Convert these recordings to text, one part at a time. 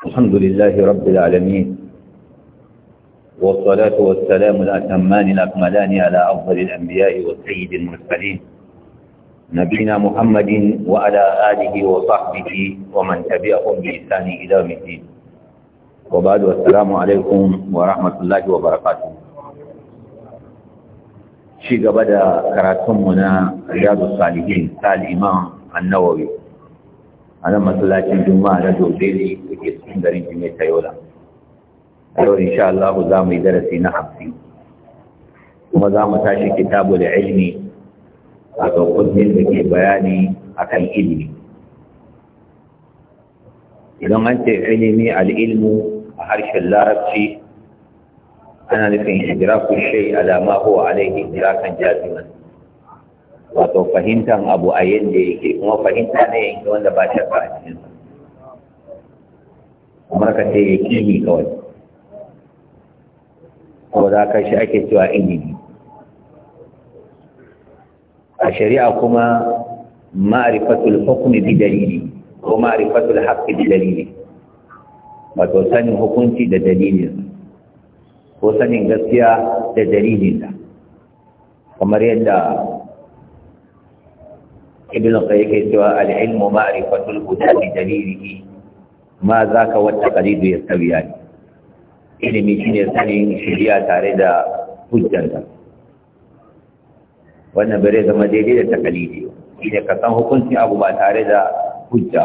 الحمد لله رب العالمين والصلاة والسلام الأتمان الأكملان على أفضل الأنبياء والسيد المرسلين نبينا محمد وعلى آله وصحبه ومن تبعهم بإحسان إلى يوم الدين وبعد والسلام عليكم ورحمة الله وبركاته شيء بدأ كراتمنا رياض الصالحين قال الإمام النووي a nan masallacin juma'a na dole ne da ke cikin garin jime ta yola yau insha Allah za mu yi darasi na hamsin kuma za mu tashi kitabu da ilmi a kudin da ke bayani akan ilimi. idan an ce ilimi al'ilmu a harshen larabci ana nufin hijiraku shai alama ko alaihi kan jazimansu wato fahimtar abu a yadda yake kuma fahimta ne yake wanda ba shakka a cikin su. kamar ka ce ya kimi kawai ko za ka shi ake cewa ilimi a shari'a kuma ma'rifatul hukmi bi dalili ko ma'rifatul haqqi bi dalili wato sanin hukunci da dalilinsa ko sanin gaskiya da dalilinsa kamar yadda ibn qayyim ke cewa al-ilmu ma'rifatul huda bi dalilihi ma zaka ya tabiya yastawiyan ilimi shine sanin shiriya tare da hujjanta wannan bare zama daidai da taqlidi shine ka san hukuncin abu ba tare da hujja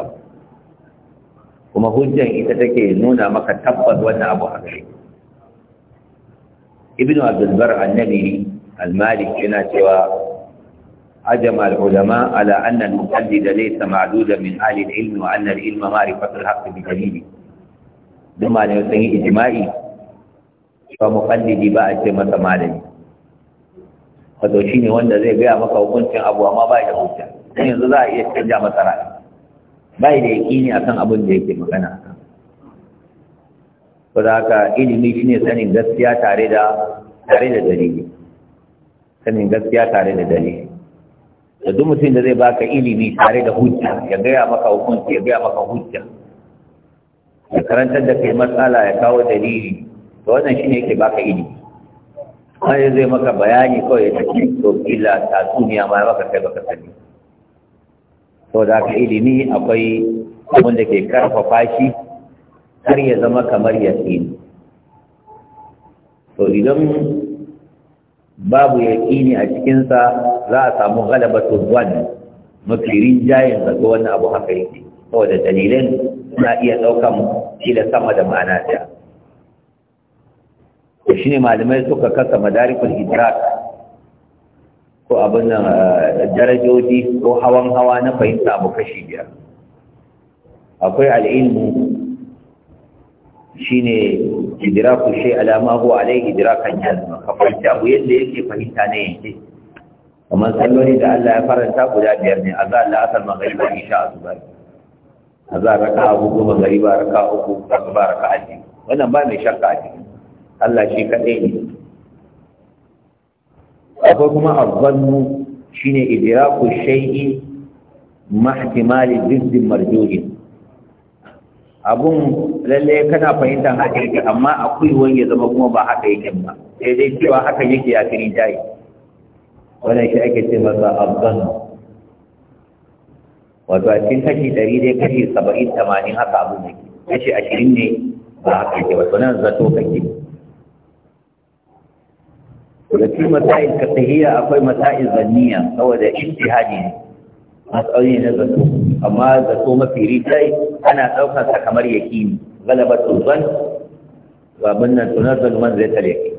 kuma hujjan ita take nuna maka tabbas wannan abu haka ne ibn abdul bar annabi al-malik yana cewa أجمع العلماء على أن المقلد ليس معدودا من أهل العلم وأن العلم معرفة الحق بدليله ثم أن يسمي إجماعي فمقلد باء كما معلم wato shi ne wanda zai gaya maka hukuncin abu amma ba da hujja don yanzu za a iya canja masa ra'ayi ba da yaƙini a kan abin da yake magana a ilimi shi sanin gaskiya tare da dalili da duk mutum da zai baka ilimi tare da hujja ya gaya maka hukunci ya gaya maka hujja ya karantar da kai matsala ya kawo dalili to wannan shi ne yake baka ilimi wani zai maka bayani kawai ya tafi to illa tatsuniya ma ya maka kai baka sani to da ka ilimi akwai abin ke karfafa shi har ya zama kamar yasini to idan babu yaƙini a cikinsa za a samu to wani mafi jayin zato wannan abu haka yake saboda dalilin suna iya ɗaukan shi da sama da ma'ana ta shi ne malamai suka kasa madarikul idrak ko abin eh, darajoji ko hawan hawa na fahimta abu kashi biyar akwai al'ilmu shi ne idrakul shi alama ko alai idrakan yanzu ka fahimci abu yadda yake fahimta ne yake kamar salloli da Allah ya faranta guda biyar ne azan la asal maghriba isha A azan raka abu goma ba raka uku ba raka aji wannan ba mai shakka a cikin. Allah shi kaɗai ne akwai kuma azzannu shine idraku shay'i mahtimali diddin marjuhin abun lalle kana fahimtar haka yake amma akwai wani ya zama kuma ba haka yake ba sai dai cewa haka yake a firin jayi wannan shi ake ce masa abban wato a cikin kashi ɗari dai kashi saba'in tamanin haka abu ne kashi ashirin ne ba haka ke wato nan zato kake da cikin masa'il kasahiyya akwai masa'il zanniya saboda ijtihadi ne matsayi na zato amma zato mafi rikai ana ɗaukar sa kamar ne galaba tuzan babin nan tunar zanuman zai tare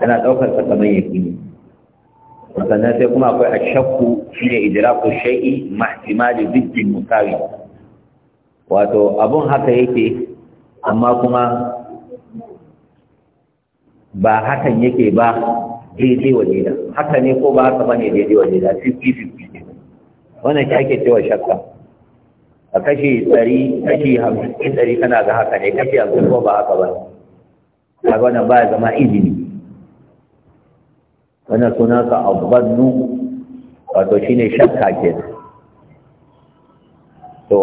ana ɗaukar sa kamar ne sannan sai kuma akwai ashakku shine idraku shai'i mahtimali ziddin musawi wato abun haka yake amma kuma ba hakan yake ba daidai wa daida haka ne ko ba haka bane daidai wa daida fifi 50 wannan shi ake cewa shakka a kashi ɗari kashi hamsin ɗari tana ga haka ne kashi hamsin ko ba haka ba a wannan ba ya zama izini wannan sunansa abbannu wato ne shakka kenan to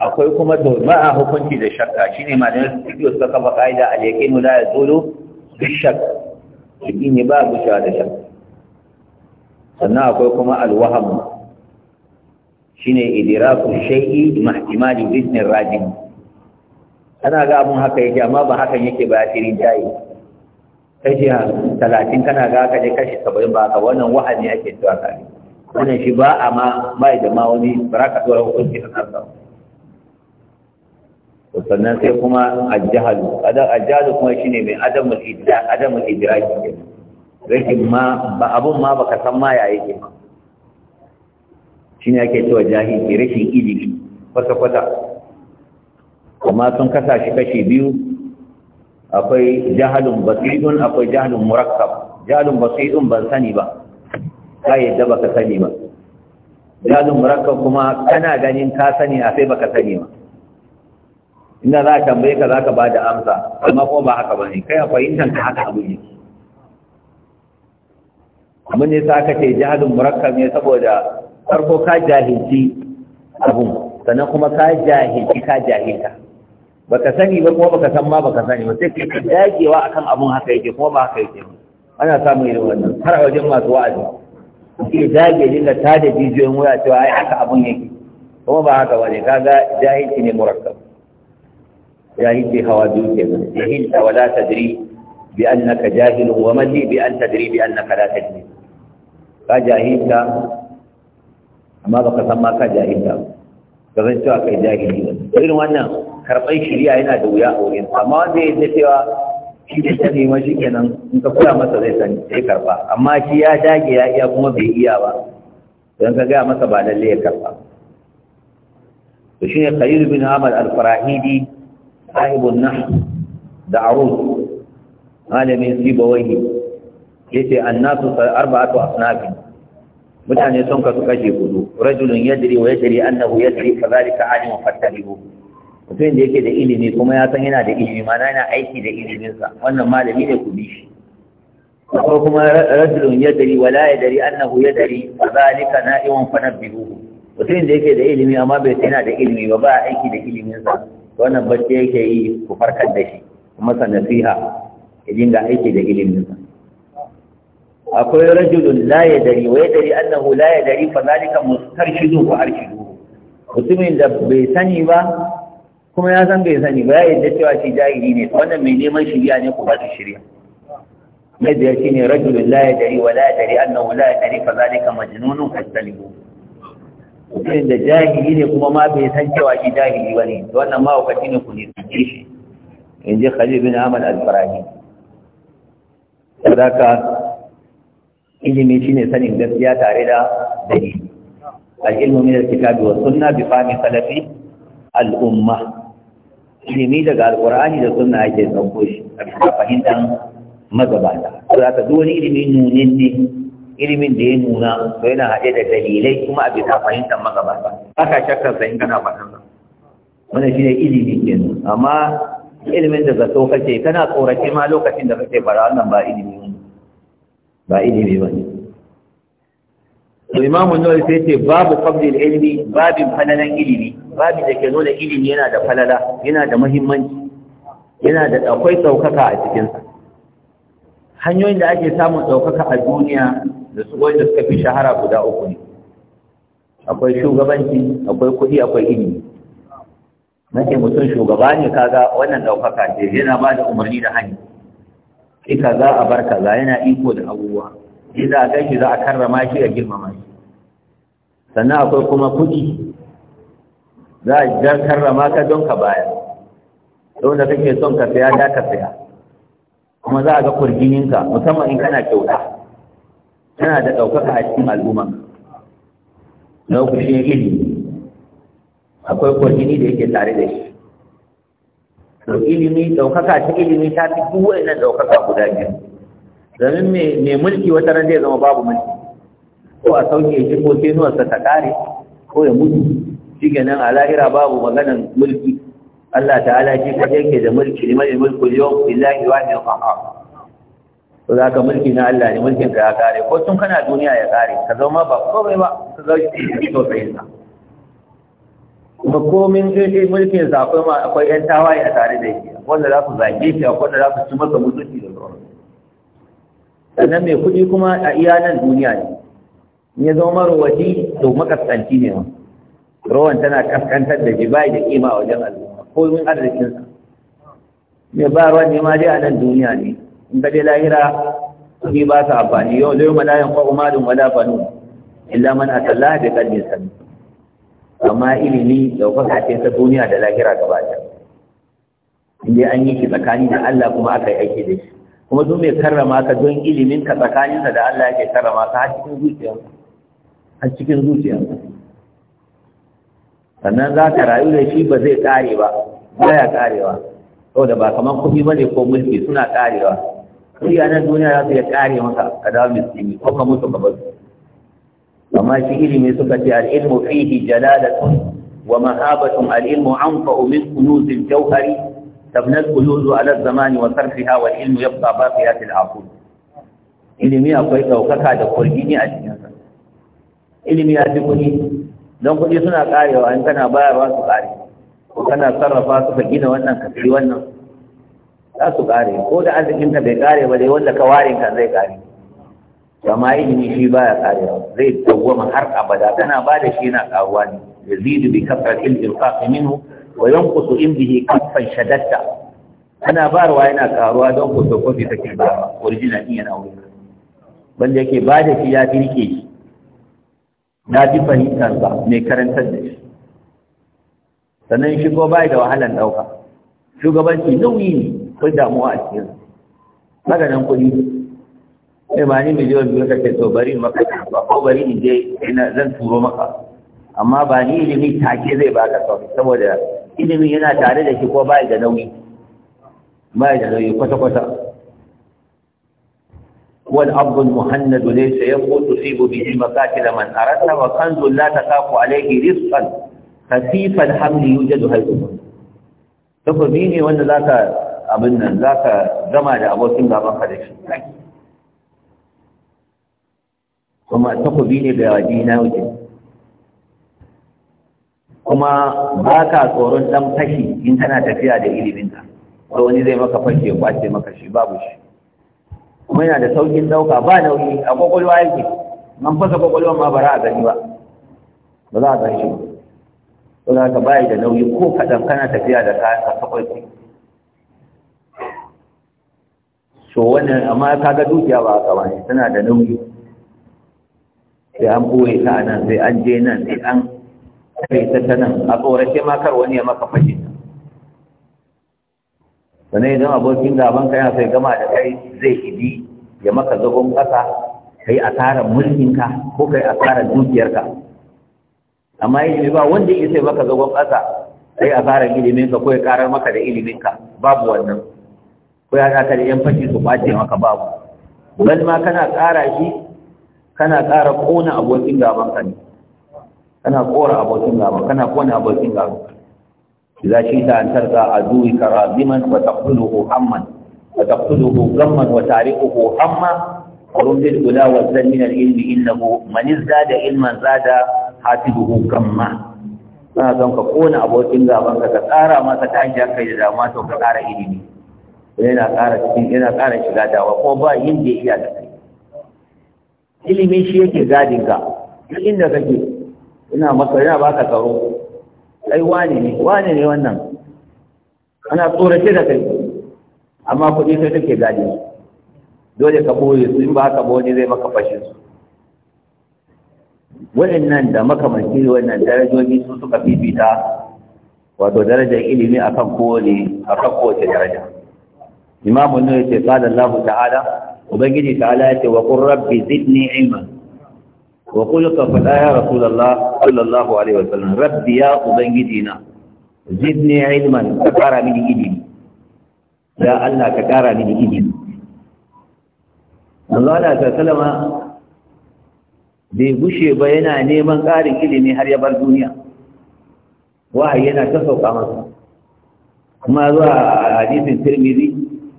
akwai kuma to ma'a hukunci da shakka shine malamin fiqh suka kafa kaida al-yaqinu la yazulu bi-shakk ne ba busha da shakka sannan akwai kuma alwahamu shi ne idraku shay'i mahtimali bi-ismi rajin ana ga abin haka yake amma ba hakan yake ba ya shirin jayi kashi talatin kana ga ka je kashi saba'in ba ka wannan wa'azi ake cewa ka ne wannan shi ba a ma ba da ma wani ba ka tsora hukunci na nasa sannan sai kuma adam ajahalu kuma shine mai adamul idrak adamul idraki kenan rashin ma ba abun ma baka san ma ya yake ba shine ake cewa jahili rashin ilimi kwata kwata amma sun kasa shi kashi biyu akwai jahalun basirun akwai jahalun murakkab jahalun basirun ban sani ba ka yadda baka sani ba jahalun murakkab kuma kana ganin ka sani a sai baka sani ba ina za ka tambaye ka za ka ba da amsa amma kuma ba haka ba ne kai a fahimtar ka haka abu ne abin ne sa ka ce jahalun murakkab ne saboda farko ka jahilci abun sannan kuma ka jahilci ka jahilta baka sani ba kuma baka san ma baka sani ba sai ka dagewa akan abun haka yake kuma ba haka yake ana samun irin wannan har a wajen masu wa'azi ke dage dinga ta da jijiyoyin wuya cewa ai haka abun yake kuma ba haka bane kaga jahilci ne murakkab jahilci hawa biyu ke nan jahilta wala tadri bi annaka jahil wa malli bi an tadri bi annaka la tadri ka jahilta amma baka san ma ka jahilta ba ka san cewa kai jahili ba irin wannan karɓar shirya yana da wuya a wurin amma wanda ya yadda cewa shi da ta nema shi kenan in ka koya masa zai san sai karɓa amma shi ya dage ya iya kuma bai iya ba don ka gaya masa ba lalle ya karɓa to shine Khalil bin Ahmad al-Farahidi sahibun nah da Arun, malamin sibawaihi yace annasu arba'atu asnafin mutane sun kasu kashe hudu rajulun yadri wa yadri annahu yadri kadhalika alimun fattabi'u mutum da yake da ilimi kuma ya san yana da ilimi mana yana aiki da iliminsa wannan malami ne ku bi shi akwai kuma rajulun ya dari wala ya dari annahu ya dari fa zalika na'iwan fa nabbihu mutum da yake da ilimi amma bai san yana da ilimi ba ba aiki da iliminsa wannan bacci yake yi ku farkar da shi kuma sa nasiha ya dinga aiki da iliminsa akwai rajulun la ya dari wa ya dari annahu la ya dari fa zalika mustarshidu wa arshidu mutumin da bai sani ba kuma ya san bai sani ba ya yadda cewa shi jahili ne wannan mai neman shirya ne ku ba shi shirya yadda ya ne, rajul la dari wa la dari annahu la dari fa zalika majnunun fastalibu mutum da jahili ne kuma ma bai san cewa shi jahili ba ne wannan ma wakati ne ku ne fice shi in ji khalil bin amal al-farahi sadaka ilimi shine sanin gaskiya tare da dalili al-ilmu min al-kitabi wa sunnah bi fahmi salafi al-ummah ilimi daga alkur'ani da sunna ake sauko shi a fahimtar magabata ko za ka duk wani ilimi nunin ne ilimin da ya nuna to yana haɗe da dalilai kuma a bisa fahimtar magabata haka shakkar sai in kana fahimtar wannan shine ilimi kenan amma ilimin da zato kake kana tsoraci ma lokacin da kake bara wannan ba ilimi ba ilimi to imamu sai ce babu fadlil ilmi babin falalan ilimi babi da ke nuna ilimi yana da falala yana da muhimmanci yana da akwai ɗaukaka a cikinsa hanyoyin da ake samun ɗaukaka a duniya da su wanda suka fi shahara guda uku ne akwai shugabanci akwai kuɗi akwai ilimi nake mutum shugaba ne kaga wannan ɗaukaka ce yana ba da umarni da hani. ki kaza a barka ga yana iko da abubuwa shi a kai za a karrama shi a girmama shi sannan akwai kuma kuɗi za a jar karrama ka don ka baya. don da kake son ka saya da ka saya kuma za a ga kurjininka musamman in kana kyauta tana da ɗaukaka a cikin al'umma na uku shi ilimi akwai kurjini da yake tare da shi to ilimi ɗaukaka ta ilimi ta fi duwai wa'annan ɗaukaka guda biyu domin mai mulki wata ran zai zama babu mulki ko a sauke shi ko sai nuwarsa ta kare ko ya mutu shi nan a lahira babu maganan mulki Allah ta'ala shi ka yanke da mulki mai mulki yau Illahi wa min qahar to ka mulki na Allah ne mulkin ka ya kare ko tun kana duniya ya kare ka zama ba komai ba ka zama to sai ka kuma komin mulkin sa akwai akwai yan tawaye a tare da shi wanda za su zage shi akwai wanda za su ci masa mutunci da sannan mai kuɗi kuma a iya nan duniya ne ya zama marowaci to makasanci ne Rowan tana kaskantar da Jibai bai da kima a wajen al'umma ko yin arzikinsa mai ba ruwan nema dai a nan duniya ne in ka dai lahira kuɗi ba su amfani yau zai malayan kwa umarin wala banu illa man asalla da qalbin salim amma ilimi ɗaukaka ce ta duniya da lahira gaba ɗaya in an yi shi tsakani da Allah kuma aka yi aiki da shi kuma duk mai karrama ka don ilimin ka tsakaninsa da Allah yake karrama ka har cikin zuciyarka har cikin zuciyarka sannan za ka rayu da shi ba zai kare ba baya karewa saboda ba kamar kuɗi ba ne ko mulki suna karewa kuɗi a nan duniya za su iya kare maka ka dawo miskini ko ka mutu ka bar amma shi ilimi suka ce al'ilmu fihi jalalatun wa mahabatun al'ilmu an anfa'u min kunuzil jawhari kuyuzu, zamani, تبنى القيود على الزمان وصرفها والعلم يبقى باقيات العقول ilimi akwai ɗaukaka da kurgini a cikinsa ilimi ya fi kuni. don kuɗi suna ƙarewa in kana bayarwa su ƙare ko kana sarrafa su ka gina wannan ka fi wannan za su ƙare ko da arzikinka bai ƙare ba dai wanda ka warin kan zai ƙare amma ilimi shi baya ƙarewa zai dawwama har abada kana ba da shi yana ƙaruwa ne yazidu bi kasratil infaq minhu wa yanqusu in bihi kaffan shadatta ana barwa yana karuwa don photocopy take ba original din yana wurin wanda yake ba da shi ya firke shi na fi fahimtar ba mai karantar da shi sannan shi ko bai da wahalan ɗauka shugabanci nauyi ne kai damuwa a cikin maganin kuɗi sai ma ni miliyon biyu kake so bari maka ba ko bari in je ina zan turo maka amma ba ni ilimi take zai baka kawai saboda ilimin yana tare da shi ko bai da nauyi bai da nauyi kwata-kwata wal abdul muhannadu ne sai ya ko tusibu bihi makatil man arata wa kanzu la taqafu alayhi rizqan khafifan hamli yujadu hayu to ko ne wanda zaka abin nan zaka gama da abokin gaban ka da shi kuma ta ku bine da wajina wajen kuma ba ka tsoron dan fashi in kana tafiya da iliminka ko wani zai maka fashi ya kwace maka shi babu shi kuma yana da saukin dauka ba nauyi a kokolwa yake nan fasa kokolwa ma bara a gani ba ba za a gani shi Ko za ka bayi da nauyi ko kaɗan kana tafiya da kayan ka kwakwalwa so wannan amma ka ga dukiya ba haka ba tana da nauyi sai an buwe ta nan sai an je nan sai an kai ta tanan a tsorace ma kar wani ya maka fashe sannan idan abokin gaban ka yana sai gama da kai zai idi ya maka zagon kasa kai mulkin mulkinka ko kai dukiyar dukiyarka amma ilimi ba wanda ya sai maka zagon kasa kai ilimin iliminka ko ya karar maka da iliminka babu wannan ko ya ka da yan fashi su kwace maka babu bal ma kana ƙara shi kana ƙara ƙona abokin gaban ka ne kana kora abokin gaba kana kona abokin gaba idza shi ta an tarka aduwi karabiman wa taqtuluhu hamman wa taqtuluhu gamman wa tariquhu amma qulun bil ula wa zan min al ilmi innahu man izdada ilman zada hatibuhu gamma kana son ka kona abokin gaban ka ka tsara masa ta hanyar kai da dama to ka tsara ilimi yana tsara cikin yana ƙara shiga dawa ko ba yin da iya da kai ilimi shi yake gadin ka duk inda kake ina masa yana baka tsaro ai wane ne wane ne wannan ana tsorace da kai amma kuɗi sai take gane. dole ka boye su in ba ka boye zai maka fashin su nan da makamanci wannan darajoji su suka fifita wato darajar ilimi akan kowane akan kowace daraja imamu ne ce qala Allah ta'ala ubangiji ta'ala yace wa qur rabbi zidni ilman wa kullu ka fada ya rasulullah sallallahu alaihi wasallam rabbi ya ubangiji na zidni ilman ka ƙara mini ilimi ya Allah ka ƙara mini ilimi Allah da ta salama bai gushe ba yana neman ƙarin ilimi har ya bar duniya wahayi yana ta sauka masa kuma zuwa hadisin tirmidhi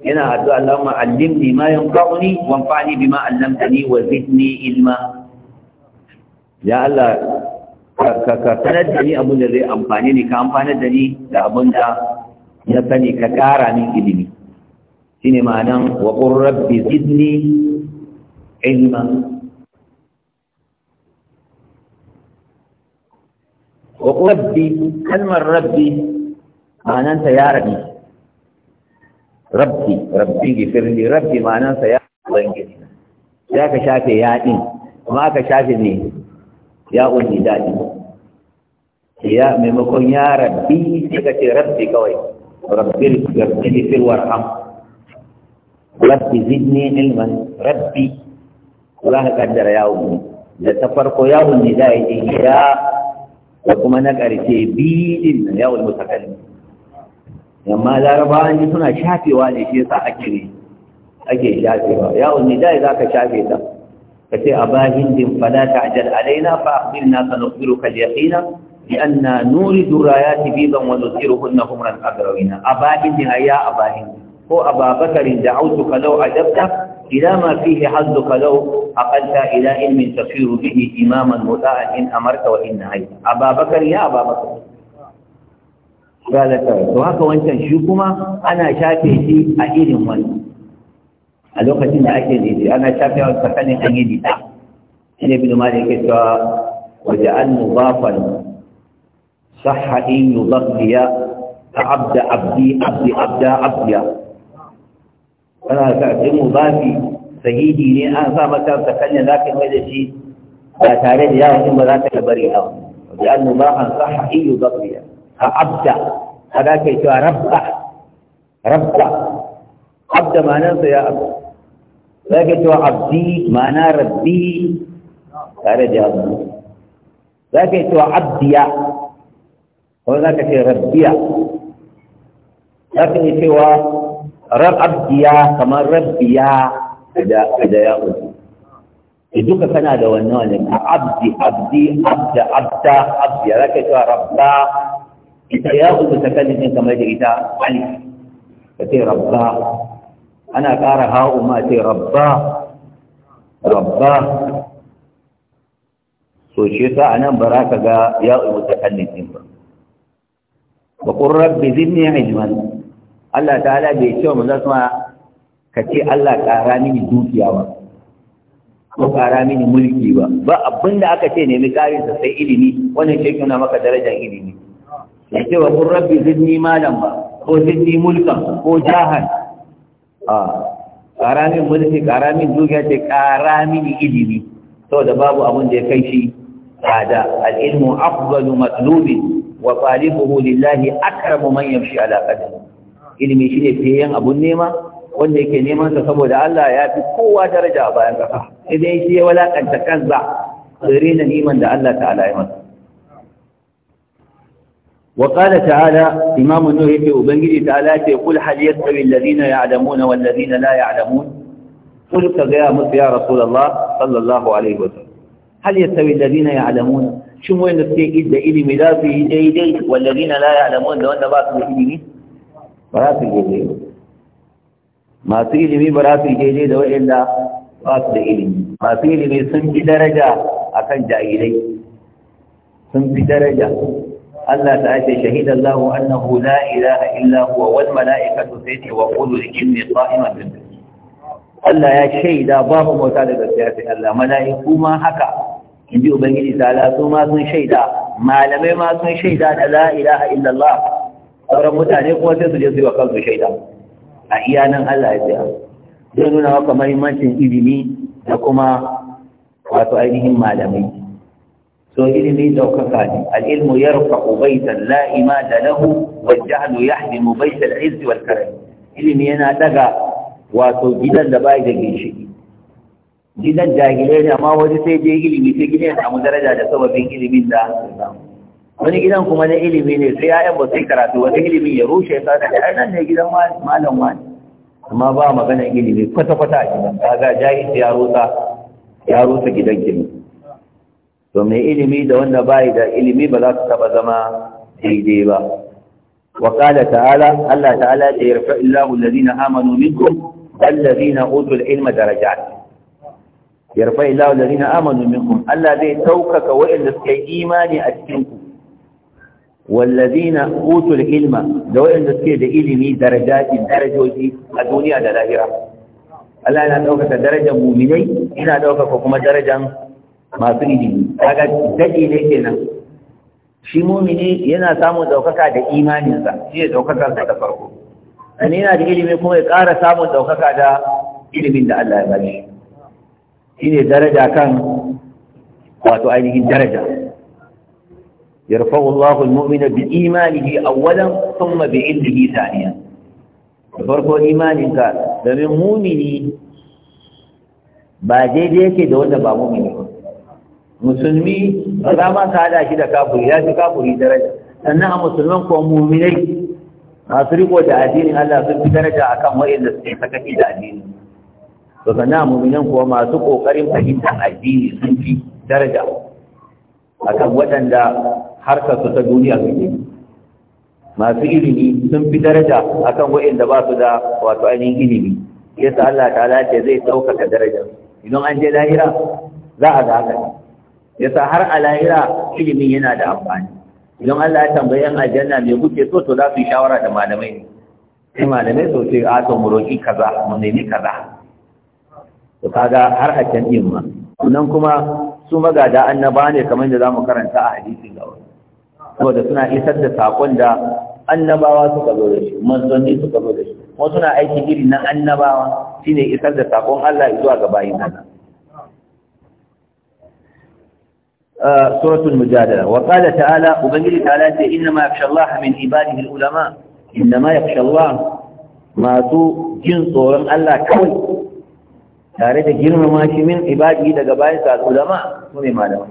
yana addu'a Allahumma allimni ma yanfa'uni wanfa'ni bima allamtani wa zidni ilma ya Allah ka sanar da ni abin da zai amfani ni ka amfani da ni da abin da ya sani ka ƙara min ilimi shi ne ma'anan wa rabbi zidni ilma wa rabbi kalmar rabbi ma'ananta ya rabi rabbi rabbi gifirli rabbi ma'anansa ya ubangiji ya ka shafe yaɗin kuma ka shafe ne ya unni daɗi ya maimakon ya rabbi sai ka ce rabbi kawai rabbi rabbi fil warham rabbi zidni ilman rabbi za ka kaddara ya unni da ta farko ya unni daɗi ya da kuma na ƙarshe bidin ya unni mutakallim amma larabawa ne suna shafewa ne shi yasa ake ake shafewa ya unni daɗi za ka shafe ta kace aba hindin fala ta'jal alaina fa akhbirna sanukhbiruka al-yaqina lianna nuridu rayati bidan wa nusiruhunna humran abrawina aba hindin ayya aba hindin ko ababakarin da'autuka law ajabta إلى ما فيه حظك لو أقلت إلى علم تصير به إماما مطاعا إن أمرت وإن نهيت أبا بكر يا أبا بكر قال تعالى وهكا وانت نشوفما أنا شاكي شيء أئر وانت a lokacin da ake daidai ana shafi a tsakanin an yi dita shi ne bin malik yake cewa waje an mubafan sahadin yubaqiya ta abda abdi abdi abda abdiya kana ka ce mubafi sahidi ne an sa mata tsakanin za ka mai da shi ba tare da yawon ba za ka bari yawon waje an mubafan sahadin yubaqiya ta abda kada kai cewa rabba rabba abda ma nan sai ya abu za cewa abdi ma'ana rabbi tare da abdi za cewa abdiya ko za ka ce rabbiya za ka yi cewa rab abdiya kamar rabbiya da ya uku duka kana da wannan wannan a abdi abdi abda abda abdi za cewa rabba ita ya uku ta kalli kamar da ita alif ka ce rabba ana ƙara ha'u ma ce rabba rabba so shi sa a nan ba za ka ga ya'u mutakallim ɗin ba ba kun rabbi zidni ilman Allah ta'ala bai ce mu za ka ce Allah ƙara mini dukiya ba ko ƙara mini mulki ba ba abin da aka ce nemi ƙarin sa sai ilimi wannan shi kuna maka darajar ilimi ya ce wa kun rabbi zidni malam ba ko zidni mulkan ko jahan Ah, ƙara mulki ƙara min dukiya ce ƙara min ilimi saboda babu abin da ya kai shi tsada al'ilmu afdalu matlubi wa talibuhu lillahi akramu man yamshi ala qadri ilimi shine fiyen abun nema wanda yake neman sa saboda Allah ya fi kowa daraja a bayan kasa idan shi ya walakanta kansa tsirina neman da Allah ta'ala ya masa وقال تعالى إمام النهي أبنجي تعالى يقول هل يستوي الذين يعلمون والذين لا يعلمون قلت يا مس يا رسول الله صلى الله عليه وسلم هل يستوي الذين يعلمون شو وين نسكي إذا إلي ملافي إيدي والذين لا يعلمون لو أن باس بإلمي براس الجيدي ما سيلمي براس الجيدي لو إلا باس بإلمي ما سيلمي سنجي درجة أكن جائلي سنجي درجة Allah ta ce shahida Allah annahu la ilaha illa huwa wal mala'ikatu sayti wa qulu inni qa'iman bil Allah ya shaida babu mota da gaskiya sai Allah mala'iku ma haka ji ubangiji ta'ala su ma sun shaida malamai ma sun shaida da la ilaha illa Allah sauran mutane kuma sai su je su yi wa kansu shaida a iya nan Allah ya tsaya zai nuna maka mahimmancin ilimi da kuma wato ainihin malamai to ilimi daukaka ne al'ilmu ilmu yarfa'u baitan la imada lahu wal jahlu yahdimu baital izz wal karam ilimi yana daga wato gidan da bai da ginshiki gidan jahilai ne amma wani sai je ilimi sai gidan ya samu daraja da sababin ilimin da wani gidan kuma na ilimi ne sai ya'yan ba sai karatu wani ilimi ya rushe sa da nan ne gidan malam wani amma ba maganar ilimi kwata-kwata a gidan kaga jahil ya rusa ya rusa gidan gini to mai ilimi da wanda bai da ilimi ba za su taba zama daidai ba wa qala ta'ala Allah ta'ala ya yarfa illahu alladhina amanu minkum walladhina utul ilma darajat yarfa illahu alladhina amanu minkum Allah zai taukaka wa'anda suka yi imani a cikin ku walladhina utul ilma da wa'anda suke da ilimi darajati darajoji a duniya da lahira Allah yana daukaka darajar mu'minai yana daukaka kuma darajar masu ilimi kaga daɗi ne kenan shi mumini yana samun ɗaukaka da imaninsa shi ne ɗaukakar da farko sani yana da ilimi kuma ya ƙara samun ɗaukaka da ilimin da Allah ya bashi shi ne daraja kan wato ainihin daraja يرفع الله المؤمن بإيمانه أولا ثم بعلمه ثانيا فرق imaninka da mumini ba daidai yake da wanda ba mumini ba musulmi ba za ma ta hada shi da kafuri ya fi kafuri daraja sannan a musulman ko muminai masu riko da addinin Allah sun fi daraja akan wa'inda suke sakaci da addini to sannan muminan kuwa masu kokarin fahimtar addini sun fi daraja akan waɗanda harkar su ta duniya suke masu ilimi sun fi daraja akan waɗanda ba su da wato ainihin ilimi yasa Allah ta'ala ce zai ɗaukaka daraja idan an je lahira za a ga haka yasa har a lahira ilimin yana da amfani idan Allah ya tambayi yan aljanna me kuke so to za su yi shawara da malamai ne sai malamai so sai a to mu roki kaza mu nemi kaza to kaga har a can din ma nan kuma su magada annaba ne kamar da zamu karanta a hadisi ga wani saboda suna isar da sakon da annabawa suka zo da shi manzanni suka zo da shi kuma suna aiki irin na annabawa shine isar da sakon Allah zuwa ga bayin Allah سورة المجادلة وقال تعالى وبنجل تعالى إنما يخشى الله من عباده العلماء إنما يخشى الله ما تو جن صورا الله كوي تارة جن ماشي من عباده لقبائل العلماء سوني ما لهم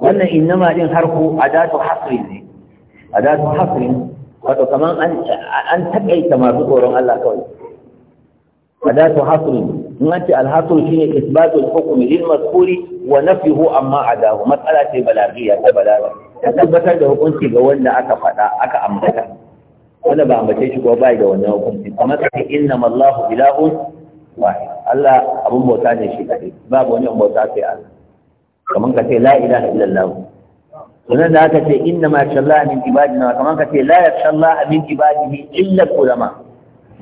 وأن إنما جن حرف أداة حصر أداة حصر wato kaman an takaita masu tsoron Allah kawai adatu hasri in an ce alhasru shine isbatul hukmi lil mas'uli wa nafihu amma adahu matsala ce balagiyya ta balaga ta tabbatar da hukunci ga wanda aka faɗa aka ambata wanda ba ambace shi ko bai da wannan hukunci kamar sai inna Allahu ilahun wahid Allah abun bauta ne shi kadai babu wani bauta sai Allah kamar ka ce la ilaha illallah sunan da aka ce inna ma sha Allah min ibadina kamar ka ce la yakhsha Allah min ibadihi illa ulama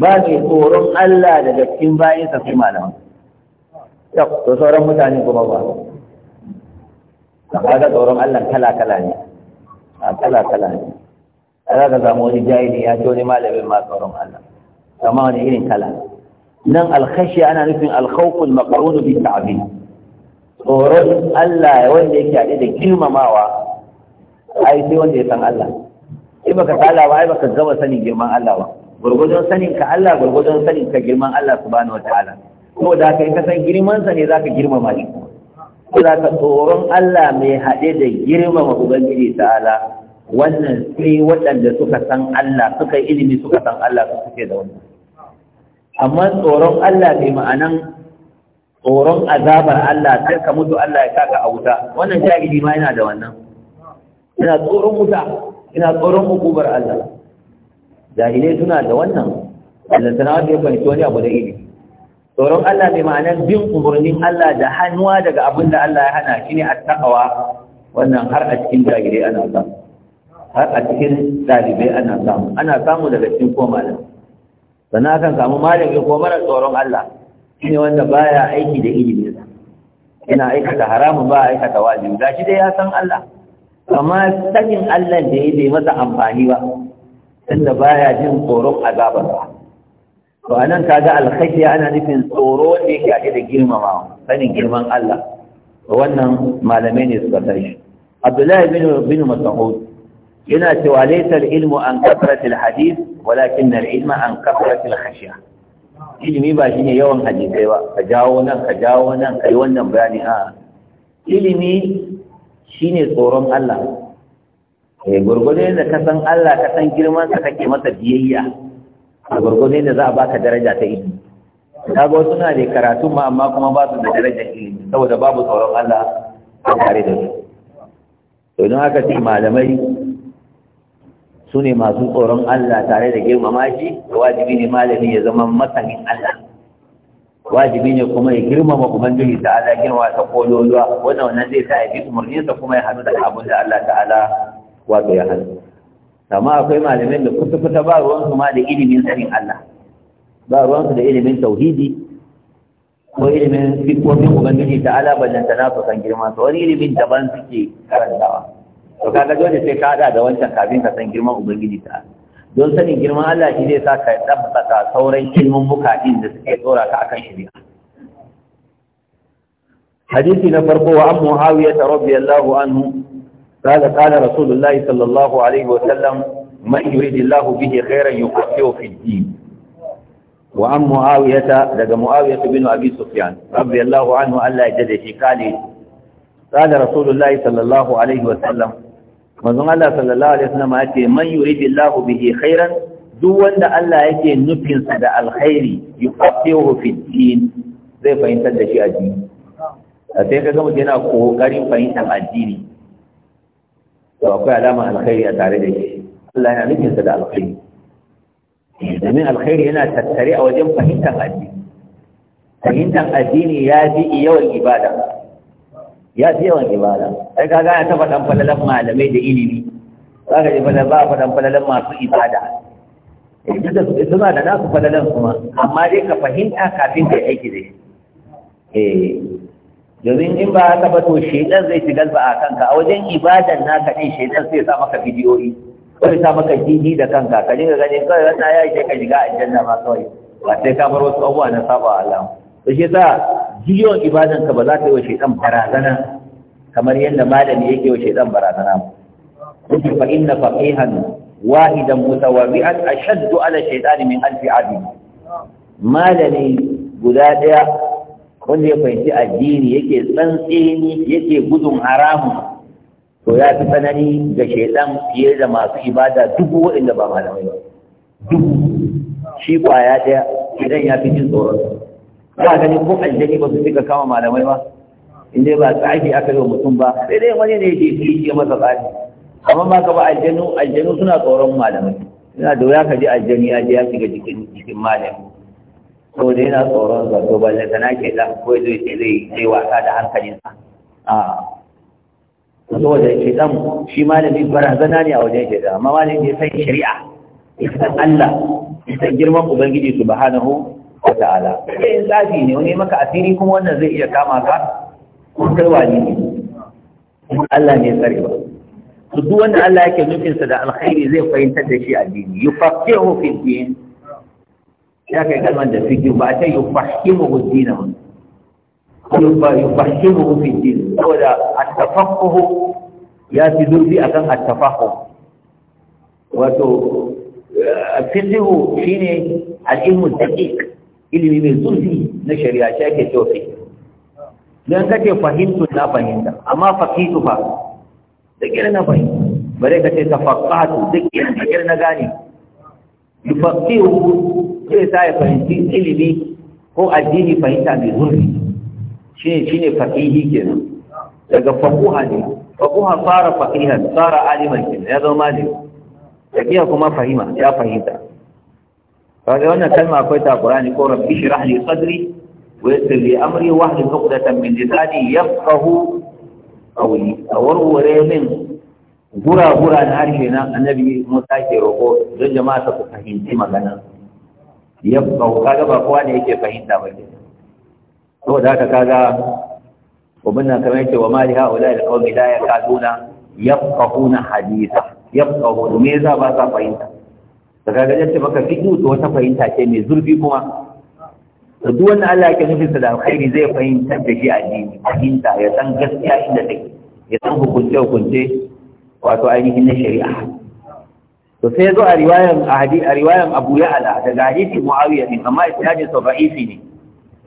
ba ne tsoron Allah daga cikin bayinsa sai malama to sauran mutane kuma ba amma tsoron Allah kala-kala ne a kala-kala ne a za ka samu wani jahili ya ce wani malamin ma tsoron Allah kama wani irin kala nan alkhashi ana nufin alkhawful maqrun bi ta'bid tsoron Allah wanda yake haɗe da girmamawa ai sai wanda ya san Allah in baka kala ba ai baka gama sanin girman Allah ba gurgudun sanin ka Allah gurgudun sanin ka girman Allah subhanahu wataala ko da haka in ka san girman sa ne zaka girmama shi Kula ka tsoron Allah mai haɗe da girmama Ubangiji ta'ala wannan sai waɗanda suka san Allah suka yi ilimi suka san Allah su suke da wannan. Amma tsoron Allah mai ma'anan tsoron azabar Allah sai ka mutu Allah ya kaka a wuta wannan jahili ma yana da wannan. Ina tsoron wuta, ina tsoron hukumar Allah. Jahilai suna da wannan. Allah sana wanda ya fahimci wani abu da ilimi. tsoron Allah mai ma'anar bin umarnin Allah da hannuwa daga abin da Allah ya hana shi ne attaqwa wannan har a cikin jahilai ana samu har a cikin dalibai ana samu ana samu daga cikin ko malam sannan akan samu malami ko mara tsoron Allah shi ne wanda baya aiki da ilimin sa yana aikata haramun ba aikata wajibi shi dai ya san Allah amma sanin Allah da ya bai masa amfani ba tunda baya jin tsoron azabar ba to a nan kaga alkhashiya ana nufin tsoro da yake haɗe da girmamawa sanin girman Allah wannan malamai ne suka tashi Abdullahi bin bin Mas'ud yana cewa laysa ilmu an kasrat al-hadith walakin al-ilma an kasrat al-khashiyah ilimi ba shine yawan hadisai ba ka jawo nan ka jawo nan kai wannan bayani a ilimi shine tsoron Allah eh gurgurdan da ka san Allah ka san girman sa kake masa biyayya a gwargwado da za a baka daraja ta ilimi ta ga wasu na da karatu ma amma kuma ba su da darajar ilimi saboda babu tsoron Allah a tare da su to don haka ce malamai su ne masu tsoron Allah tare da girmama shi wajibi ne malami ya zama masanin Allah wajibi ne kuma ya girmama ubangiji ta ala girma ta kololuwa wannan wannan zai sa ya bi umarninsa kuma ya hannu da abin da Allah ta'ala wato ya hannu amma akwai malamin da kusa kusa ba ruwansu ma da ilimin tsarin Allah ba ruwansu da ilimin tauhidi ko ilimin fikofin ubangiji ta ala ballanta na su san girma, su wani ilimin daban suke karantawa to kaga dole sai ka hada da wancan kafin ka san girman ubangiji ta ala don sanin girman Allah shi zai sa ka tabbata sauran buka din da suke tsora ka akan shari'a hadisi na farko wa an muawiya ta rabbi Allahu anhu قال قال رسول الله صلى الله عليه وسلم من يريد الله به خيرا يفقهه في الدين وعن معاوية لقى معاوية بن أبي سفيان رضي الله عنه ألا يجده قال قال رسول الله صلى الله عليه وسلم manzon Allah sallallahu alaihi wasallam ya ce man yuridillahu bihi khairan duk wanda Allah yake nufin sa da alkhairi yufaqihu fi din zai fahimtar da shi addini a sai kaga mutum yana kokarin fahimtar addini to akwai alama alkhairi a tare da shi Allah yana nufin sa da alkhairi domin alkhairi yana tattare a wajen fahimtar addini fahimtar addini ya fi yawan ibada ya fi yawan ibada ai ka gane ta faɗan falalan malamai da ilimi za ka ji falalan ba faɗan falalan masu ibada eh, suna da nasu falalan kuma amma dai ka fahimta kafin ka yi aiki da shi eh, domin in ba haka ba to shaidan zai shigar ba a kanka a wajen ibadan na kaɗai shaidan sai sa maka bidiyoyi sai sa maka didi da kanka ka dinga gani kawai wannan ya yi ka shiga aljanna ma kawai ba sai ka bar wasu abubuwa na saba Allah to shi yasa jiyon ibadan ka ba za ta yi wa shaidan barazana kamar yadda malami yake wa shaidan barazana ba kuma fa inna faqihan wahidan mutawarri'an ashaddu ala shaitani min alfi abid malami guda daya wanda ya fahimci addini yake tsantseni yake gudun haramu to ya fi tsanani ga shaidan fiye da masu ibada dubu waɗanda ba malamai ba dubu shi kwaya ɗaya idan ya fi jin tsoron ba gani ko aljani ba su suka kama malamai ba in dai ba tsaki aka yi wa mutum ba sai dai wani ne ke fi ke masa tsari amma ma ka ba aljanu aljanu suna tsoron malamai suna da wuya ka ji aljani ya je ya shiga jikin malamai saboda na tsoron zato ba da tana ke da ko zai ce zai zai wasa da sa a saboda ke dan shi malamin barazana ne a wajen ke da amma malamin ya san shari'a ya Allah ya girman ubangiji subhanahu wa ta'ala sai tsafi ne wani maka asiri kuma wannan zai iya kama ka ko kai wani ne Allah ne tsare ba duk wanda Allah yake nufinsa da alkhairi zai fahimtar da shi addini yufaqihu fi din ya kai kalman da fi ba ta yi fahimu dina wani yufahimu fi din saboda a tafaqquh ya fi zurfi akan a tafaqquh wato eh, fiqhu shine ne ilmu daqiq ilimi mai zurfi na shari'a shi ake cewa ka ce kace fahimtu na fahimta amma faqitu fa da kira na fahimta bare ce tafaqqatu da kira na gane yufaqihu zai sa ya fahimci ilimi ko addini fahimta mai zurfi shine shine faqihi kenan daga faquha ne faquha fara faqihan fara aliman kenan ya zama malami faqiha kuma fahima ya fahimta kaga wannan kalma akwai ta Qur'ani ko rabbi shrah li sadri wa yassir li amri wa hlul 'uqdatan min lisani yafqahu qawli awarware min gura gura na harshe na annabi Musa ke roko don jama'a ta fahimci magana ya kaga ba kowa ne yake fahimta ba ke da haka kaga ubun nan kamar yake wa mali ha ulai da qaumi la yakaduna yafqahuna haditha yafqahu me yasa ba sa fahimta da kaga yace baka fiku to wata fahimta ce mai zurfi kuma to duk wanda Allah yake nufin sa da alkhairi zai fahimta da shi addini fahimta ya san gaskiya inda take ya san hukunce hukunce wato ainihin na shari'a to sai ya zo a riwayan a riwayan Abu ala daga hadisi Muawiya ne amma isnadin sa da'ifi ne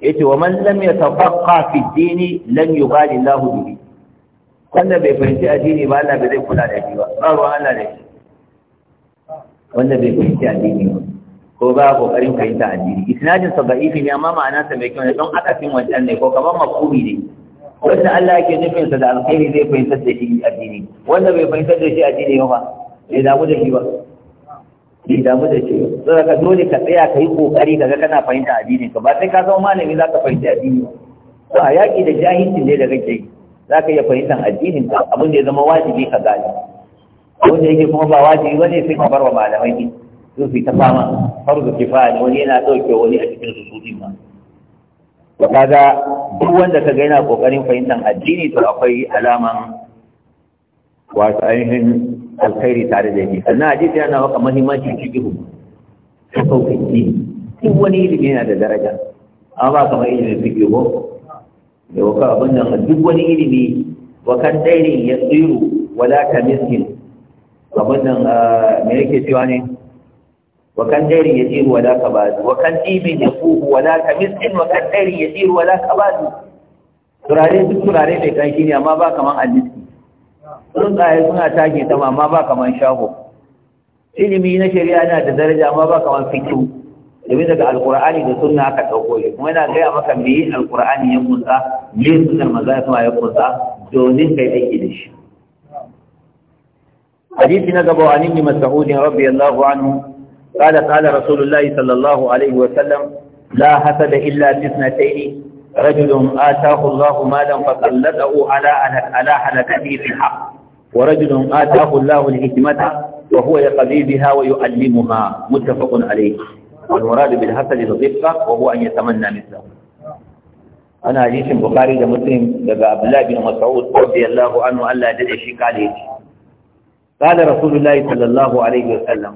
yace wa man lam yatafaqqa fi dini lam yubali Allahu bihi wanda bai fahimci addini ba Allah bai zai kula da shi ba ba ruwan Allah da shi wanda bai fahimci addini ba ko ba kokarin fahimta addini isnadin sa da'ifi ne amma ma'ana sa mai kyau ne don akasin wancan ne ko kamar makubi ne wanda Allah yake nufin sa da alkhairi zai fahimtar da shi addini wanda bai fahimtar da shi addini ba bai damu da shi ba bai damu da shi ba ka dole ka tsaya ka yi kokari kaga kana fahimta addinin ka ba sai ka zama malami za ka fahimta addini ba a yaƙi da jahilcin ne da kake yi za ka iya fahimtar addinin ka abin da ya zama wajibi ka gane abin da yake kuma ba wajibi ba ne sai ka bar wa malamai ne sun fi ta fama farzu kifaya ne wani yana ɗauke wani a cikin su su ma to kaga duk wanda ka ga yana kokarin fahimtar addini to akwai alaman wasu ainihin alkhairi tare da shi sannan hadisi yana maka muhimmanci fiqhu ta sauƙi duk wani ilimi yana da daraja amma kamar ilimin fiqhu da waka abin nan duk wani ilimi wakan kan dairin ya tsiru wala ta miskin abin nan ah, me yake cewa ne wa kan dairin ya tsiru wala ka ba wa kan ɗibin ya fuhu wala ka miskin wa kan dairin ya tsiru wala ka su turare duk turare mai kanshi ne amma ba kamar aljihu tsuntsaye suna take ta amma ba kaman shago ilimi na shari'a yana da daraja amma ba kaman fikihu domin daga alkur'ani da sunna aka ɗauko shi kuma yana gaya maka me alkur'ani ya kunsa me sunnar kuma ya kunsa domin kai aiki da shi حديث نقبه عن ابن مسعود رضي الله عنه قال قال رسول الله صلى الله عليه وسلم لا حسد illa في اثنتين رجل آتاه الله مالا فسلطه على على هلكته في الحق ورجل آتاه الله الحكمة وهو يقضي بها ويعلمها متفق عليه والمراد بالحسد الضفة وهو أن يتمنى مثله أنا حديث البخاري ومسلم لدى عبد الله بن مسعود رضي الله عنه ألا يدعي شيء عليه قال رسول الله صلى الله عليه وسلم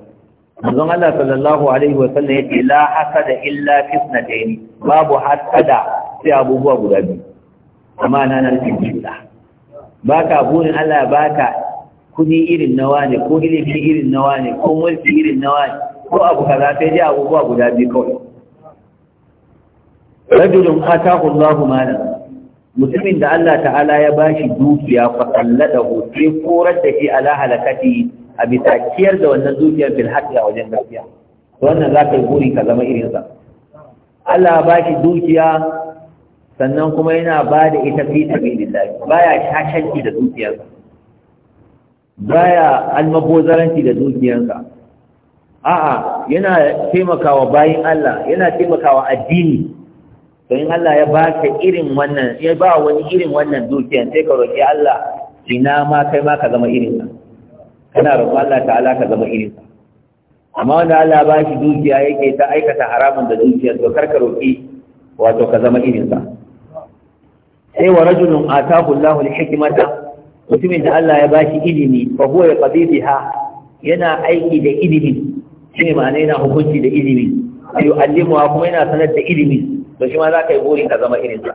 الله صلى الله عليه وسلم لا حسد إلا في اثنتين باب حسد sai abubuwa guda biyu amma na nan cikin jiɗa ba ka burin Allah ba ka kudi irin nawa ne ko ilimi irin nawa ne ko mulki irin nawa ne ko abu ka za sai dai abubuwa guda biyu kawai rajulun atahu Allahu malan mutumin da Allah ta'ala ya bashi dukiya fa kallada hu sai korar da shi ala halakati a bisa kiyar da wannan dukiyar fil haqqi a wajen gaskiya to wannan za ka yi buri ka zama irin sa Allah ya bashi dukiya sannan kuma yana ba da ita fi sabilillah baya shashanci da dukiyarsa baya almabozaranci da dukiyarsa a'a yana taimakawa bayin Allah yana taimakawa addini don Allah ya ka irin wannan ya ba wani irin wannan dukiyar sai ka roƙi Allah ina ma kai ma ka zama irin kana roƙon Allah ta'ala ka zama irin amma wanda Allah ba shi dukiya yake ta aikata haramun da dukiyar to karka roƙi wato ka zama irin sa sai wa rajulun atahu Allahu al-hikmata mutumin da Allah ya bashi ilimi fa huwa yaqdi biha yana aiki da ilimi shine ma'ana yana hukunci da ilimi ayu allimuwa kuma yana sanar da ilimi to shi ma zaka yi burin ka zama irin sa